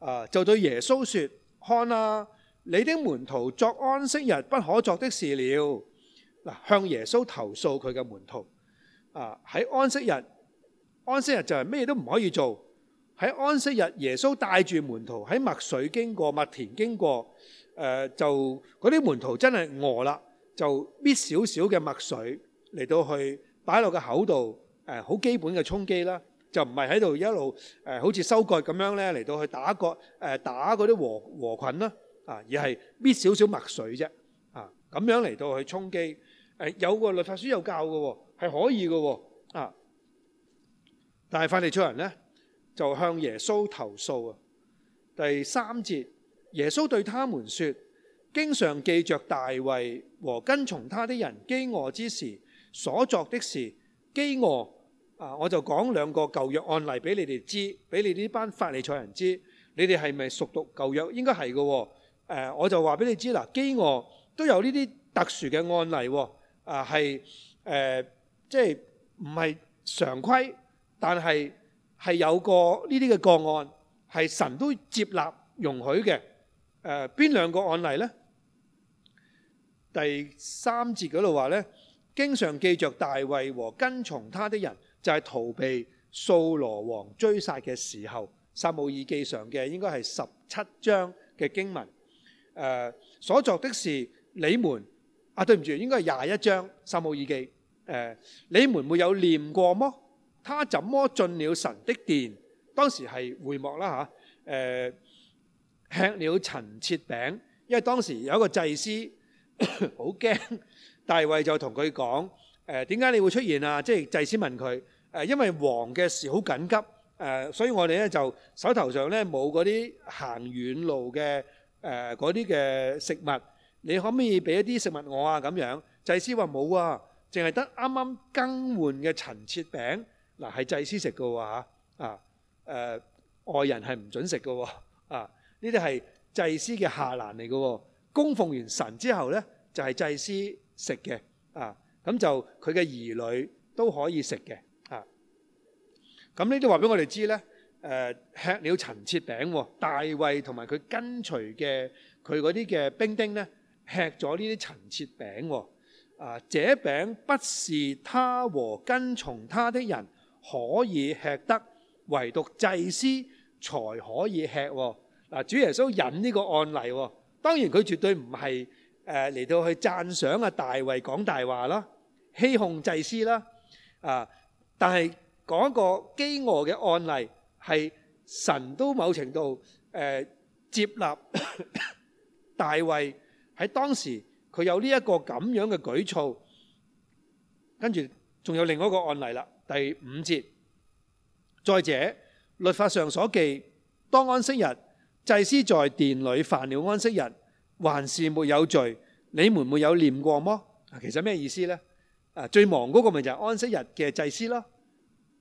Speaker 1: 啊就對耶穌説看啦。你的門徒作安息日不可作的事了，嗱，向耶穌投訴佢嘅門徒，啊，喺安息日，安息日就係咩都唔可以做。喺安息日，耶穌帶住門徒喺麥穗經過麥田經過，誒，就嗰啲門徒真係餓啦，就搣少少嘅麥穗嚟到去擺落個口度，誒，好基本嘅充飢啦，就唔係喺度一路誒好似收割咁樣咧嚟到去打個誒打嗰啲禾禾羣啦。啊！而係搣少少墨水啫，啊，咁樣嚟到去衝擊。誒有個律法書有教嘅喎，係可以嘅喎，啊！但係法利賽人呢，就向耶穌投訴啊。第三節，耶穌對他們説：經常記着大衛和跟從他的人飢餓之時所作的事，飢餓啊！我就講兩個舊約案例俾你哋知，俾你呢班法利賽人知，你哋係咪熟讀舊約？應該係嘅喎。誒、呃，我就話俾你知啦，飢餓都有呢啲特殊嘅案例啊，係、呃呃、即係唔係常規，但係係有個呢啲嘅個案，係神都接納容許嘅。誒、呃，邊兩個案例呢？第三節嗰度話呢，經常記着大衛和跟從他的人，就係、是、逃避掃羅王追殺嘅時候，《撒母耳記》上嘅應該係十七章嘅經文。誒所作的事，你們啊，對唔住，應該係廿一章三號耳機。誒你們沒有念過麼？他怎麼進了神的殿？當時係會幕啦嚇。誒吃了陳設餅，因為當時有一個祭司好驚，大衛就同佢講：誒點解你會出現啊？即係祭司問佢：誒因為王嘅事好緊急，誒所以我哋咧就手頭上咧冇嗰啲行遠路嘅。誒嗰啲嘅食物，你可唔可以俾一啲食物我啊？咁樣祭司話冇啊，淨係得啱啱更換嘅陳設餅，嗱係祭司食嘅喎啊、呃、外人係唔准食嘅喎啊，呢啲係祭司嘅下欄嚟嘅喎，供奉完神之後咧就係、是、祭司食嘅啊，咁就佢嘅兒女都可以食嘅啊，咁呢啲話俾我哋知咧。誒吃了陳設餅，大衛同埋佢跟隨嘅佢嗰啲嘅兵丁呢，吃咗呢啲陳設餅。啊，這餅不是他和跟從他的人可以吃得，唯獨祭司才可以吃。嗱，主耶穌引呢個案例，當然佢絕對唔係誒嚟到去讚賞啊大衛講大話啦，欺哄祭司啦。啊，但係講一個飢餓嘅案例。係神都某程度誒接納大衛喺當時佢有呢一個咁樣嘅舉措，跟住仲有另外一個案例啦，第五節。再者律法上所記，當安息日祭司在殿裏犯了安息日，還是沒有罪，你們沒有念過麼？其實咩意思呢？啊，最忙嗰個咪就係安息日嘅祭司咯，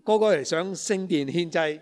Speaker 1: 個個嚟上聖殿獻祭。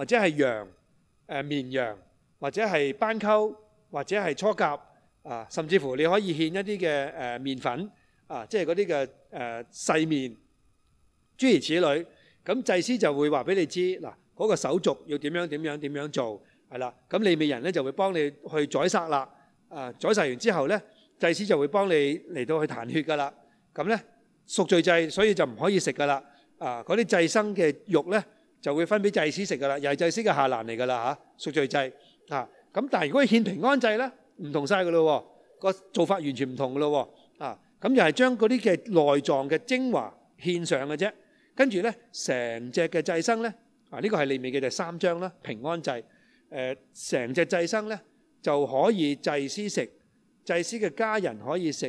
Speaker 1: 或者係羊、誒綿羊，或者係斑鳩，或者係雛鴿，啊，甚至乎你可以獻一啲嘅誒麵粉，啊，即係嗰啲嘅誒細麵，諸如此類。咁祭司就會話俾你知，嗱，嗰個手續要點樣點樣點樣做，係啦。咁利未人咧就會幫你去宰殺啦，啊，宰殺完之後咧，祭司就會幫你嚟到去彈血㗎啦。咁咧，贖罪祭，所以就唔可以食㗎啦。啊，嗰啲祭牲嘅肉咧。就會分俾祭司食噶啦，又係祭司嘅下欄嚟噶啦嚇，贖罪祭啊。咁但係如果獻平安祭咧，唔同曬噶咯喎，個做法完全唔同噶咯喎啊。咁又係將嗰啲嘅內臟嘅精華獻上嘅啫，跟住咧，成隻嘅祭牲咧啊，呢個係利未嘅第三章啦，平安祭。誒，成隻祭牲咧就可以祭司食，祭司嘅家人可以食，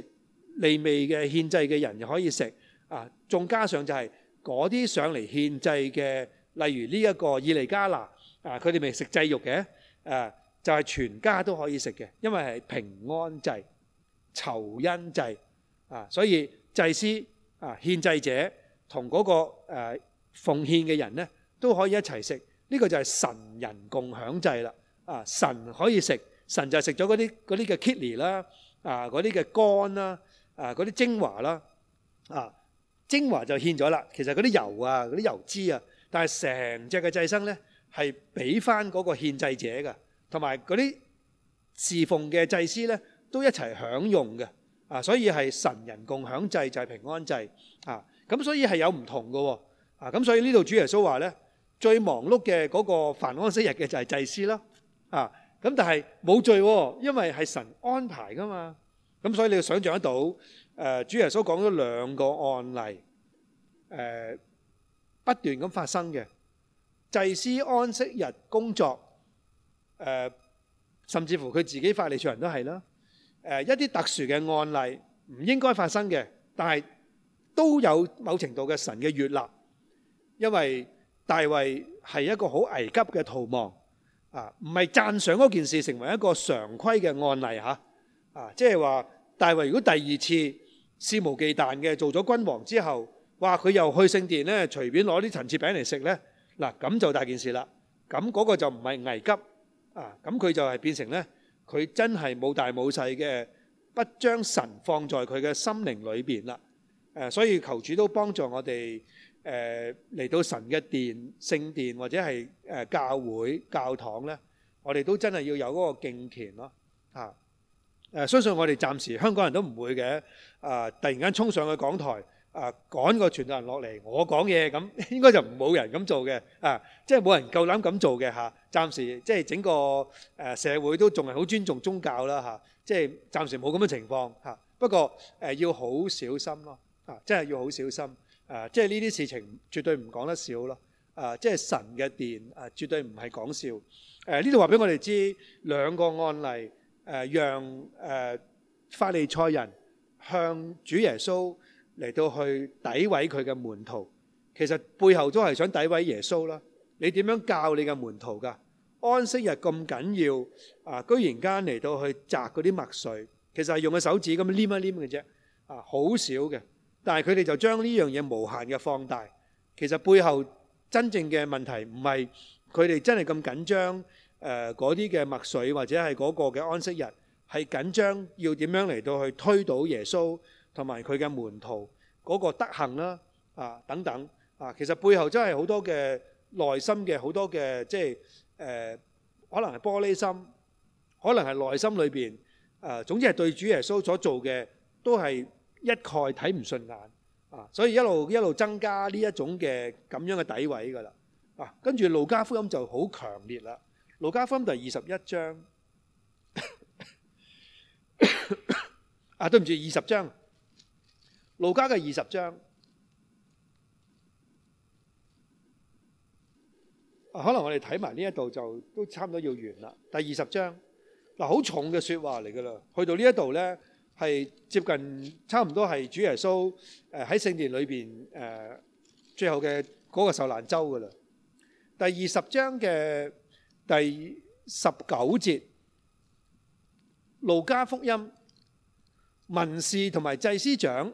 Speaker 1: 利未嘅獻祭嘅人又可以食啊。仲加上就係嗰啲上嚟獻祭嘅。例如呢一個以利加拿啊，佢哋咪食祭肉嘅，誒就係、是、全家都可以食嘅，因為係平安祭、酬恩祭啊，所以祭司啊、獻祭者同嗰個誒奉獻嘅人咧都可以一齊食。呢、這個就係神人共享祭啦，啊神可以食，神就食咗嗰啲啲嘅 kidney 啦，啊嗰啲嘅肝啦，啊嗰啲精華啦，啊精華就獻咗啦。其實嗰啲油啊、嗰啲油脂啊。但係成隻嘅祭牲咧，係俾翻嗰個獻祭者嘅，同埋嗰啲侍奉嘅祭司咧，都一齊享用嘅。啊，所以係神人共享祭就係平安祭。啊，咁所以係有唔同嘅喎。啊，咁所以呢度主耶穌話咧，最忙碌嘅嗰個燔安息日嘅就係祭司啦。啊，咁但係冇罪，因為係神安排嘅嘛。咁所以你要想象得到，誒，主耶穌講咗兩個案例，誒。不斷咁發生嘅祭司安息日工作、呃，甚至乎佢自己法理上人都係啦，一啲特殊嘅案例唔應該發生嘅，但係都有某程度嘅神嘅悅納，因為大衛係一個好危急嘅逃亡啊，唔係讚賞嗰件事成為一個常規嘅案例吓、啊，啊即係話大衛如果第二次肆無忌憚嘅做咗君王之後。哇！佢又去聖殿咧，隨便攞啲陳設餅嚟食咧，嗱咁就大件事啦。咁嗰個就唔係危急啊，咁佢就係變成咧，佢真係冇大冇細嘅，不將神放在佢嘅心靈裏邊啦。誒，所以求主都幫助我哋誒嚟到神嘅殿、聖殿或者係誒教會、教堂咧，我哋都真係要有嗰個敬虔咯嚇。誒，相信我哋暫時香港人都唔會嘅啊，突然間衝上去講台。啊，趕個傳道人落嚟，我講嘢咁，應該就冇人咁做嘅啊！即係冇人夠膽咁做嘅嚇。暫時即係整個誒社會都仲係好尊重宗教啦嚇，即係暫時冇咁嘅情況嚇。不過誒要好小心咯，啊，真係要好小心啊！即係呢啲事情絕對唔講得少咯，啊，即係神嘅殿啊，絕對唔係講笑。誒呢度話俾我哋知兩個案例誒，讓誒法利賽人向主耶穌。嚟到去詆毀佢嘅門徒，其實背後都係想詆毀耶穌啦。你點樣教你嘅門徒噶？安息日咁緊要啊，居然間嚟到去摘嗰啲墨水，其實係用個手指咁黏一黏嘅啫，啊，好少嘅。但係佢哋就將呢樣嘢無限嘅放大。其實背後真正嘅問題唔係佢哋真係咁緊張，誒嗰啲嘅墨水或者係嗰個嘅安息日係緊張，要點樣嚟到去推倒耶穌？同埋佢嘅門徒嗰個德行啦啊等等啊，其實背後真係好多嘅內心嘅好多嘅即係誒，可能係玻璃心，可能係內心裏邊啊，總之係對主耶穌所做嘅都係一概睇唔順眼啊，所以一路一路增加呢一種嘅咁樣嘅詆毀㗎啦啊，跟住路加福音就好強烈啦，路加福音第二十一章啊，對唔住二十章。路加嘅二十章，可能我哋睇埋呢一度就都差唔多要完啦。第二十章嗱，好重嘅説話嚟噶啦。去到呢一度咧，係接近差唔多係主耶穌誒喺聖殿裏邊誒最後嘅嗰個受難週噶啦。第二十章嘅第十九節，路加福音，文士同埋祭司長。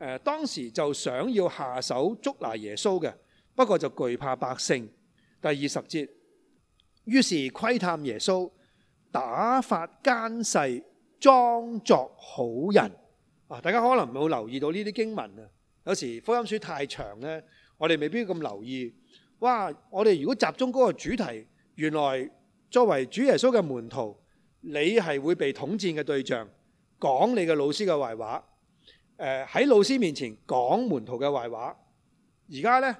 Speaker 1: 誒當時就想要下手捉拿耶穌嘅，不過就懼怕百姓。第二十節，於是窺探耶穌，打發奸細，裝作好人。啊，大家可能冇留意到呢啲經文啊。有時福音書太長呢，我哋未必咁留意。哇！我哋如果集中嗰個主題，原來作為主耶穌嘅門徒，你係會被統戰嘅對象，講你嘅老師嘅壞話。誒喺、呃、老師面前講門徒嘅壞話，而家呢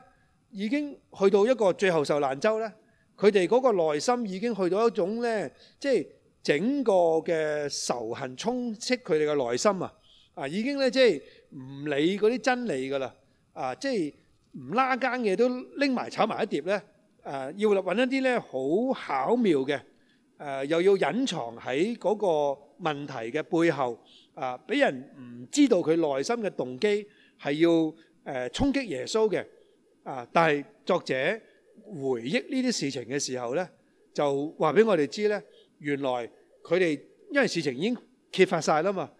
Speaker 1: 已經去到一個最後受難周呢，佢哋嗰個內心已經去到一種呢，即係整個嘅仇恨充斥佢哋嘅內心啊！啊，已經呢，即係唔理嗰啲真理㗎啦，啊，即係唔拉更嘅都拎埋炒埋一碟呢。誒，要揾一啲呢好巧妙嘅、啊，又要隱藏喺嗰個問題嘅背後。啊！俾人唔知道佢內心嘅動機係要誒衝擊耶穌嘅啊！但係作者回憶呢啲事情嘅時候呢，就話俾我哋知呢，原來佢哋因為事情已經揭發晒啦嘛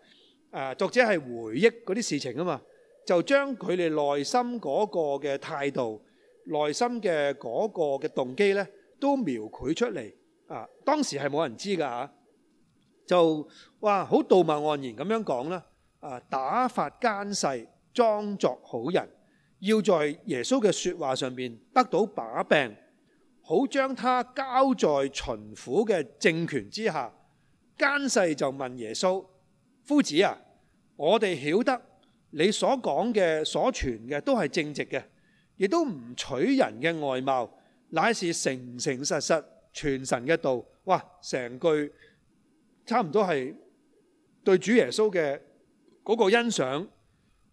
Speaker 1: 啊！作者係回憶嗰啲事情啊嘛，就將佢哋內心嗰個嘅態度、內心嘅嗰個嘅動機呢，都描繪出嚟啊！當時係冇人知㗎嚇。就哇，好道貌岸然咁樣講啦！啊，打發奸細，裝作好人，要在耶穌嘅説話上面得到把柄，好將他交在巡撫嘅政權之下。奸細就問耶穌：夫子啊，我哋曉得你所講嘅、所傳嘅都係正直嘅，亦都唔取人嘅外貌，乃是誠誠實實傳神嘅道。哇，成句！差唔多係對主耶穌嘅嗰個欣賞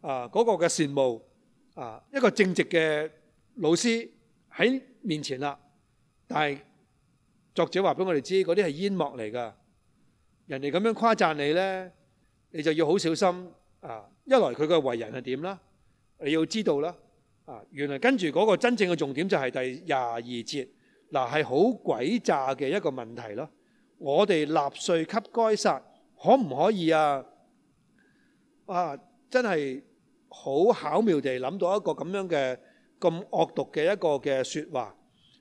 Speaker 1: 啊，嗰個嘅羨慕啊，一個正直嘅老師喺面前啦。但係作者話俾我哋知，嗰啲係煙幕嚟噶。人哋咁樣誇讚你咧，你就要好小心啊。一來佢嘅為人係點啦，你要知道啦。啊，原來跟住嗰個真正嘅重點就係第廿二節嗱，係好詭詐嘅一個問題咯。我哋納稅給該撒，可唔可以啊？啊，真係好巧妙地諗到一個咁樣嘅咁惡毒嘅一個嘅説話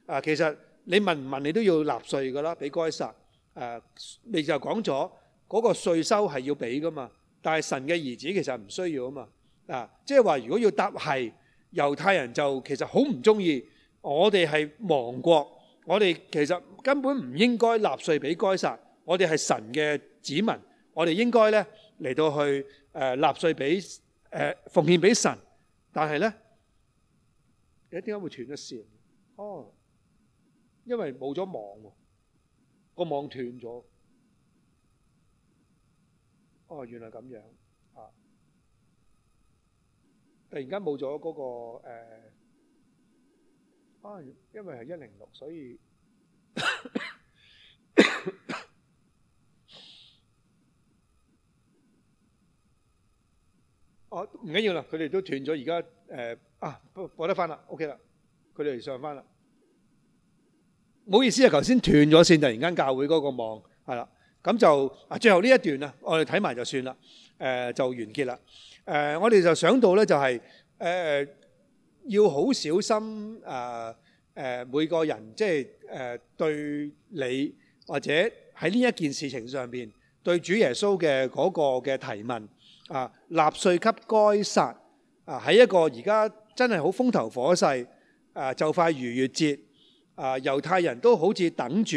Speaker 1: 啊！其實你問唔問你都要納稅噶啦，俾該撒。誒，你就講咗嗰個稅收係要俾噶嘛？但係神嘅兒子其實唔需要啊嘛。啊，即係話如果要答係猶太人就其實好唔鍾意，我哋係亡國，我哋其實。根本唔應該納稅俾該撒，我哋係神嘅子民，我哋應該咧嚟到去誒納稅俾誒奉獻俾神，但係咧，點解會斷咗線？哦，因為冇咗網喎，個網斷咗。哦，原來咁樣啊！突然間冇咗嗰個誒，可能因為係一零六，所以。唔緊要啦，佢哋都斷咗，而家誒啊，播得翻啦，OK 啦，佢哋上翻啦。唔好意思啊，頭先斷咗線，突然間教會嗰個網係啦，咁就啊最後呢一段啦，我哋睇埋就算啦，誒就完結啦。誒我哋就想到咧，就係誒要好小心啊，誒每個人即係誒對你或者喺呢一件事情上邊對主耶穌嘅嗰個嘅提問。啊！納稅俾該撒啊，喺一個而家真係好風頭火勢啊！就快逾越節啊，猶太人都好似等住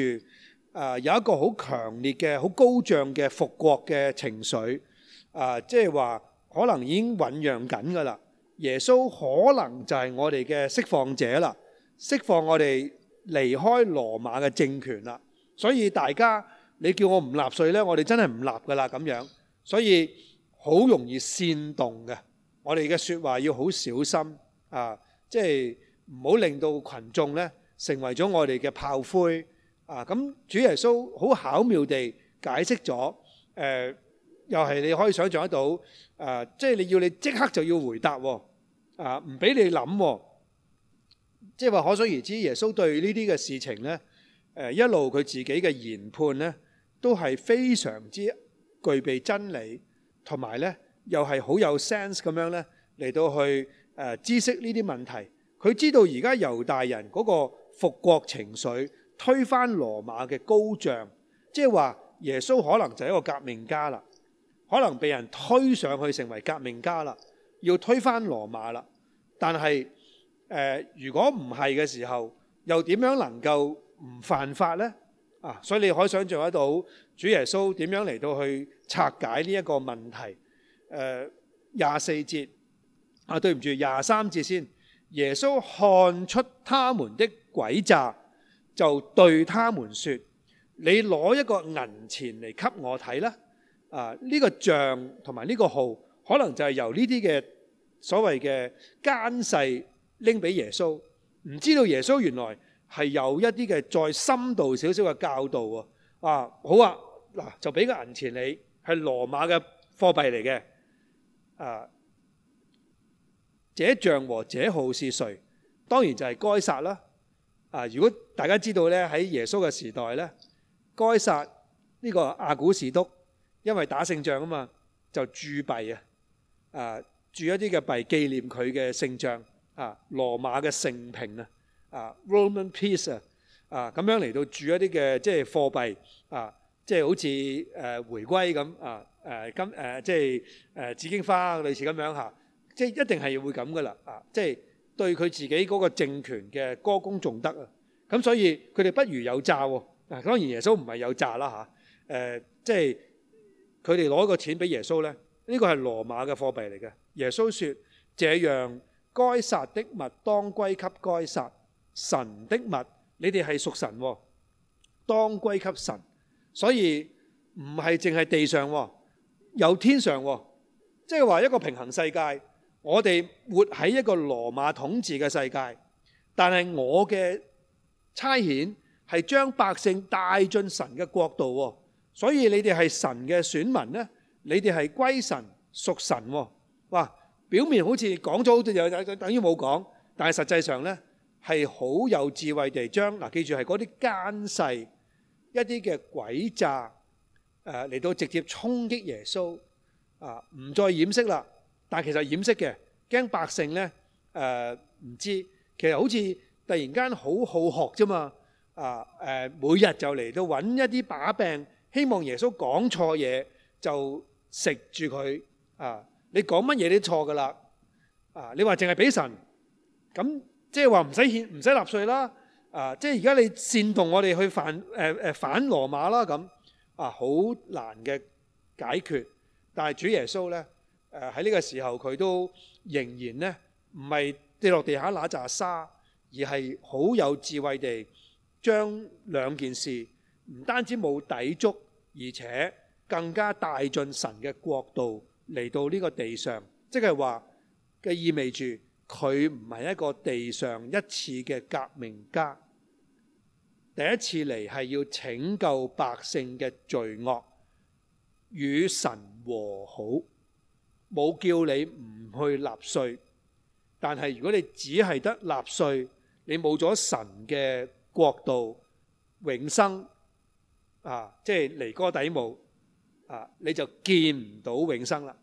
Speaker 1: 啊，有一個好強烈嘅、好高漲嘅復國嘅情緒啊！即係話可能已經醖釀緊㗎啦，耶穌可能就係我哋嘅釋放者啦，釋放我哋離開羅馬嘅政權啦，所以大家你叫我唔納稅呢，我哋真係唔納㗎啦咁樣，所以。好容易煽動嘅，我哋嘅説話要好小心啊！即係唔好令到群眾咧成為咗我哋嘅炮灰啊！咁主耶穌好巧妙地解釋咗，誒、呃、又係你可以想象得到啊！即係你要你即刻就要回答喎啊！唔俾你諗、啊，即係話可想而知，耶穌對呢啲嘅事情咧，誒、啊、一路佢自己嘅研判咧都係非常之具備真理。同埋呢，又係好有 sense 咁樣呢，嚟到去、呃、知識呢啲問題。佢知道而家猶大人嗰個復國情緒推翻羅馬嘅高漲，即係話耶穌可能就係一個革命家啦，可能被人推上去成為革命家啦，要推翻羅馬啦。但係、呃、如果唔係嘅時候，又點樣能夠唔犯法呢？啊，所以你可以想象得到主耶穌點樣嚟到去。拆解呢一個問題，誒廿四節啊，對唔住廿三節先。耶穌看出他們的詭詐，就對他們説：你攞一個銀錢嚟給我睇啦！啊，呢個像同埋呢個號，可能就係由呢啲嘅所謂嘅奸細拎俾耶穌，唔知道耶穌原來係有一啲嘅再深度少少嘅教導喎。啊，好啊，嗱就俾個銀錢你。係羅馬嘅貨幣嚟嘅。啊，這像和這號是誰？當然就係該撒啦。啊，如果大家知道咧，喺耶穌嘅時代咧，該撒呢個亞古士督，因為打勝仗啊嘛，就鑄幣啊，啊鑄一啲嘅幣紀念佢嘅勝仗啊，羅馬嘅聖平啊，啊 Roman Peace 啊，啊咁樣嚟到鑄一啲嘅即係貨幣啊。即係好似誒，回歸咁啊，誒，今，誒，即係誒，紫荊花類似咁樣嚇，即係一定係會咁噶啦啊！即係對佢自己嗰個政權嘅歌功頌德啊，咁所以佢哋不如有詐喎。嗱，當然耶穌唔係有詐啦嚇。誒，即係佢哋攞個錢俾耶穌咧，呢個係羅馬嘅貨幣嚟嘅。耶穌説：這樣該撒的物當歸給該撒，神的物，你哋係屬神，當歸給神。所以唔係淨係地上，有天上，即係話一個平衡世界。我哋活喺一個羅馬統治嘅世界，但係我嘅差遣係將百姓帶進神嘅國度。所以你哋係神嘅選民咧，你哋係歸神、屬神。哇！表面好似講咗好多嘢，等於冇講，但係實際上呢，係好有智慧地將嗱，記住係嗰啲奸細。一啲嘅詭詐，嚟、呃、到直接衝擊耶穌，啊、呃、唔再掩飾啦，但係其實掩飾嘅，驚百姓咧唔、呃、知，其實好似突然間好好學啫嘛，啊、呃呃、每日就嚟到揾一啲把柄，希望耶穌講錯嘢就食住佢，啊、呃、你講乜嘢都錯噶啦，啊、呃、你話淨係俾神，咁即係話唔使欠唔使納稅啦。啊！即係而家你煽動我哋去反，誒誒、呃、反羅馬啦咁啊，好難嘅解決。但係主耶穌呢，誒喺呢個時候佢都仍然呢，唔係跌落地下揦一揸沙，而係好有智慧地將兩件事唔單止冇抵觸，而且更加帶進神嘅國度嚟到呢個地上，即係話嘅意味住。佢唔係一個地上一次嘅革命家，第一次嚟係要拯救百姓嘅罪惡與神和好，冇叫你唔去納稅。但係如果你只係得納稅，你冇咗神嘅國度永生啊，即係離哥底冇啊，你就見唔到永生啦。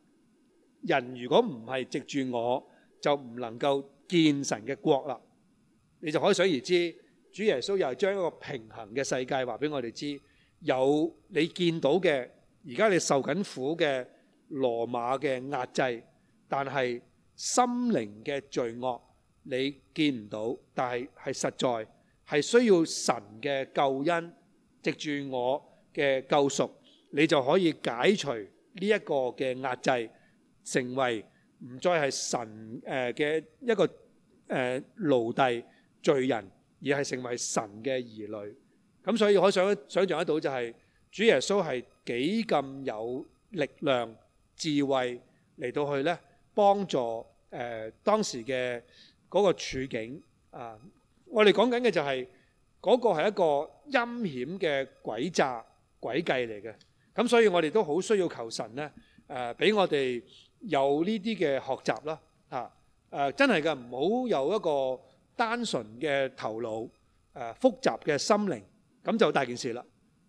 Speaker 1: 人如果唔係藉住我。就唔能夠見神嘅國啦，你就可以想而知，主耶穌又係將一個平衡嘅世界話俾我哋知，有你見到嘅，而家你受緊苦嘅羅馬嘅壓制，但係心靈嘅罪惡你見唔到，但係係實在係需要神嘅救恩，藉住我嘅救贖，你就可以解除呢一個嘅壓制，成為。唔再係神誒嘅一個誒奴隸罪人，而係成為神嘅兒女。咁所以可想想象得到，就係主耶穌係幾咁有力量、智慧嚟到去咧，幫助誒當時嘅嗰個處境啊！我哋講緊嘅就係嗰個係一個陰險嘅詭詐詭計嚟嘅。咁所以我哋都好需要求神咧，誒俾我哋。有呢啲嘅學習啦，嚇誒真係嘅，唔好有一個單純嘅頭腦，誒複雜嘅心靈，咁就大件事啦。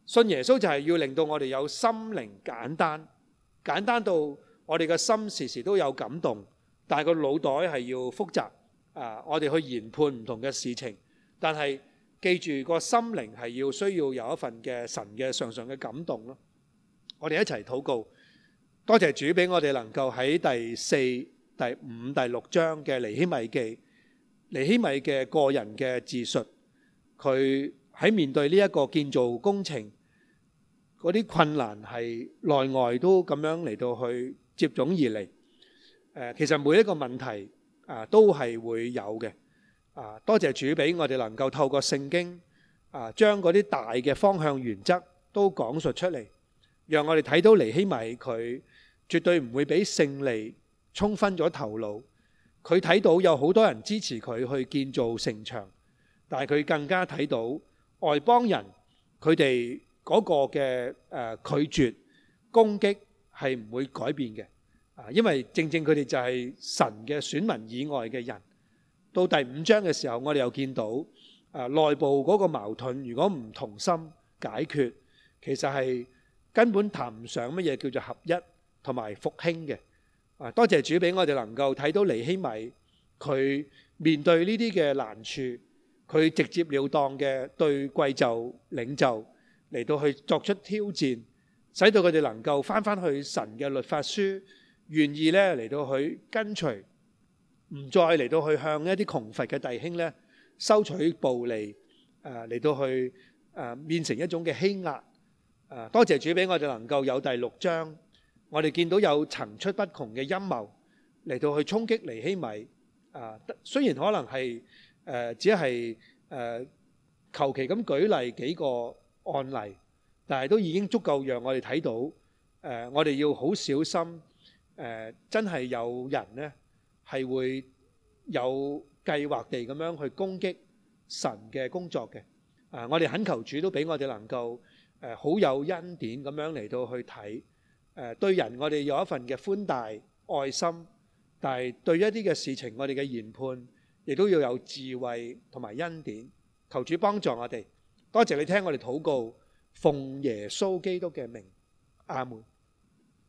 Speaker 1: 信耶穌就係要令到我哋有心靈簡單，簡單到我哋嘅心時時都有感動，但係個腦袋係要複雜啊！我哋去研判唔同嘅事情，但係記住個心靈係要需要有一份嘅神嘅常常嘅感動咯。我哋一齊禱告。多謝主俾我哋能夠喺第四、第五、第六章嘅尼希米記，尼希米嘅個人嘅自述，佢喺面對呢一個建造工程嗰啲困難，係內外都咁樣嚟到，去接踵而嚟。誒，其實每一個問題啊，都係會有嘅。啊，多謝主俾我哋能夠透過聖經啊，將嗰啲大嘅方向原則都講述出嚟，讓我哋睇到尼希米佢。絕對唔會俾勝利沖昏咗頭腦。佢睇到有好多人支持佢去建造城牆，但係佢更加睇到外邦人，佢哋嗰個嘅，誒，拒絕攻擊係唔會改變嘅。啊，因為正正佢哋就係神嘅選民以外嘅人。到第五章嘅時候，我哋又見到啊，內部嗰個矛盾，如果唔同心解決，其實係根本談唔上乜嘢叫做合一。同埋復興嘅，啊！多謝主俾我哋能夠睇到尼希米，佢面對呢啲嘅難處，佢直截了當嘅對貴冑領袖嚟到去作出挑戰，使到佢哋能夠返返去神嘅律法書，願意呢嚟到去跟隨，唔再嚟到去向一啲窮乏嘅弟兄呢收取暴利，誒嚟到去誒變成一種嘅欺壓。誒，多謝主俾我哋能夠有第六章。我哋見到有層出不窮嘅陰謀嚟到去衝擊尼希米，啊，雖然可能係誒只係誒求其咁舉例幾個案例，但係都已經足夠讓我哋睇到，誒，我哋要好小心，誒，真係有人呢係會有計劃地咁樣去攻擊神嘅工作嘅，啊，我哋懇求主都俾我哋能夠誒好有恩典咁樣嚟到去睇。誒，對人我哋有一份嘅寬大愛心，但係對一啲嘅事情我哋嘅研判，亦都要有智慧同埋恩典。求主幫助我哋，多謝你聽我哋禱告，奉耶穌基督嘅名，阿門。